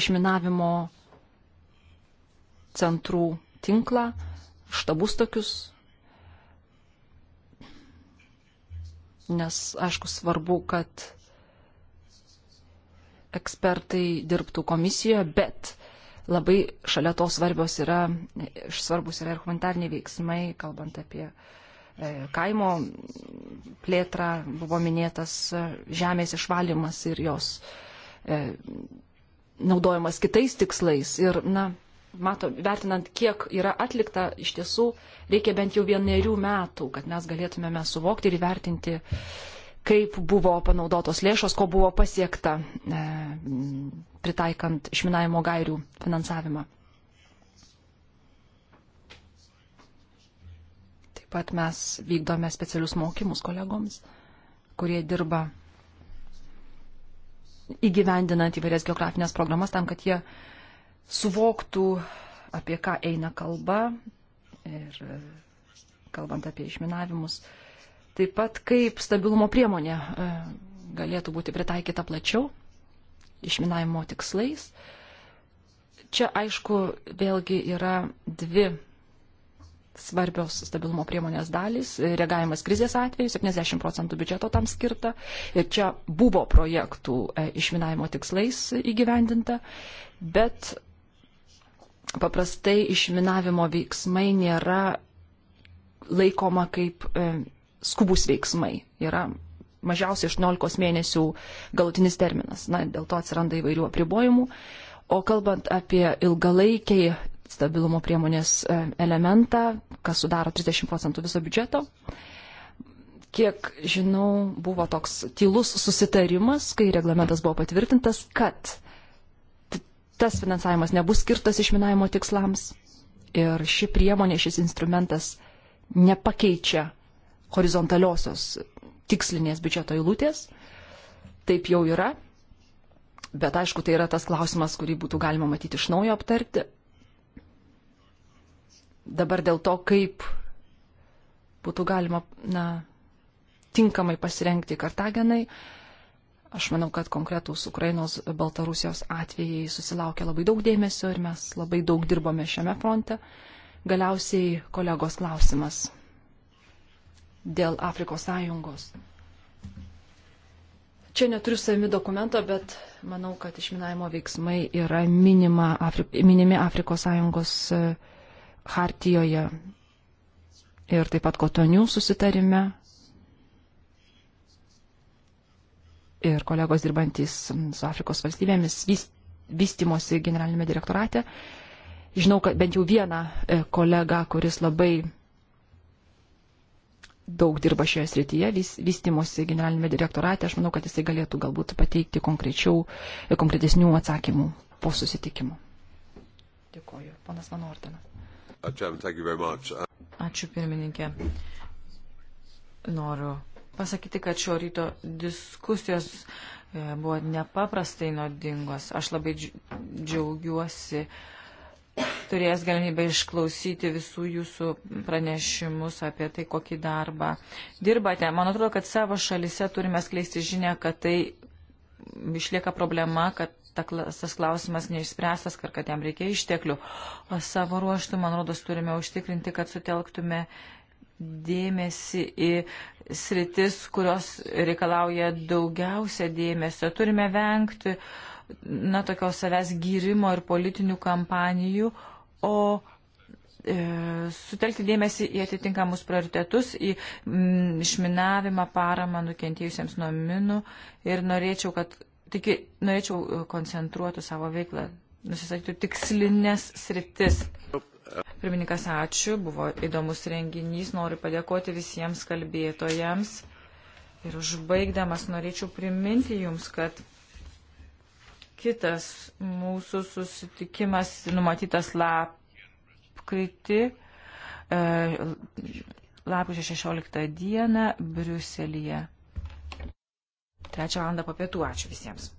išminavimo centrų tinklą, štabus tokius, nes aišku svarbu, kad ekspertai dirbtų komisijoje, bet labai šalia to svarbios yra, svarbus yra ir humanitarniai veiksmai, kalbant apie uh, E, kaimo plėtrą, buvo minėtas e, žemės išvalymas ir jos e, naudojimas kitais tikslais. Ir, na, mato, vertinant, kiek yra atlikta, iš tiesų reikia bent jau vienerių metų, kad mes galėtumėme suvokti ir įvertinti, kaip buvo panaudotos lėšos, ko buvo pasiekta, e, pritaikant išminavimo gairių finansavimą. pat mes vykdome specialius mokymus kolegoms, kurie dirba įgyvendinant įvairias geografinės programas tam, kad jie suvoktų, apie ką eina kalba ir e, kalbant apie išminavimus. Taip pat kaip stabilumo priemonė e, galėtų būti pritaikyta plačiau išminavimo tikslais. Čia aišku vėlgi yra dvi svarbios stabilumo priemonės dalys, reagavimas krizės atveju, 70 procentų biudžeto tam skirta. Ir čia buvo projektų e, išminavimo tikslais įgyvendinta, bet paprastai išminavimo veiksmai nėra laikoma kaip e, skubus veiksmai. Yra mažiausiai 18 mėnesių galutinis terminas. Na, dėl to atsiranda įvairių apribojimų. O kalbant apie ilgalaikiai stabilumo priemonės e, elementą, kas sudaro 30 procentų viso biudžeto. Kiek žinau, buvo toks tylus susitarimas, kai reglamentas buvo patvirtintas, kad tas finansavimas nebus skirtas išminavimo tikslams ir ši priemonė, šis instrumentas nepakeičia horizontaliosios tikslinės biudžeto eilutės. Taip jau yra. Bet aišku, tai yra tas klausimas, kurį būtų galima matyti iš naujo aptarti dabar dėl to, kaip būtų galima na, tinkamai pasirengti Kartagenai. Aš manau, kad konkretūs Ukrainos Baltarusijos atvejai susilaukia labai daug dėmesio ir mes labai daug dirbome šiame fronte. Galiausiai kolegos klausimas dėl Afrikos sąjungos. Čia neturiu savimi dokumento, bet manau, kad išminavimo veiksmai yra minima, Afri, minimi Afrikos sąjungos uh, hartijoje ir taip pat kotonių susitarime. Ir kolegos dirbantys su Afrikos valstybėmis vystimosi generalinėme direktorate. Žinau, kad bent jau vieną e, kolegą, kuris labai daug dirba šioje srityje, vystimosi generalinėme direktorate, aš manau, kad jisai galėtų galbūt pateikti konkrečiau, e, konkretesnių atsakymų po susitikimo. Dėkoju. Ponas Vanortinas. Uh, uh, Ačiū pirmininkė. Noriu pasakyti, kad šio ryto diskusijos e, buvo nepaprastai nuodingos. Aš labai džiaugiuosi turėjęs galimybę išklausyti visų jūsų pranešimus apie tai, kokį darbą dirbate. Man atrodo, kad savo šalise turime skleisti žinę, kad tai išlieka problema, kad tas klausimas neišspręstas, kad jam reikia išteklių. O savo ruoštų, man rodos, turime užtikrinti, kad sutelktume dėmesį į sritis, kurios reikalauja daugiausia dėmesio. Turime vengti, na, tokios savęs gyrimo ir politinių kampanijų, o e, sutelkti dėmesį į atitinkamus prioritetus, į mm, išminavimą, paramą nukentėjusiems nuo minų ir norėčiau, kad Tik norėčiau e, koncentruoti savo veiklą, nusistatyti tikslinės sritis. Pirmininkas, ačiū, buvo įdomus renginys, noriu padėkoti visiems kalbėtojams. Ir užbaigdamas norėčiau priminti jums, kad kitas mūsų susitikimas numatytas lapkritį, e, lapkričio 16 dieną Briuselėje trečią valandą po pietų. Ačiū visiems.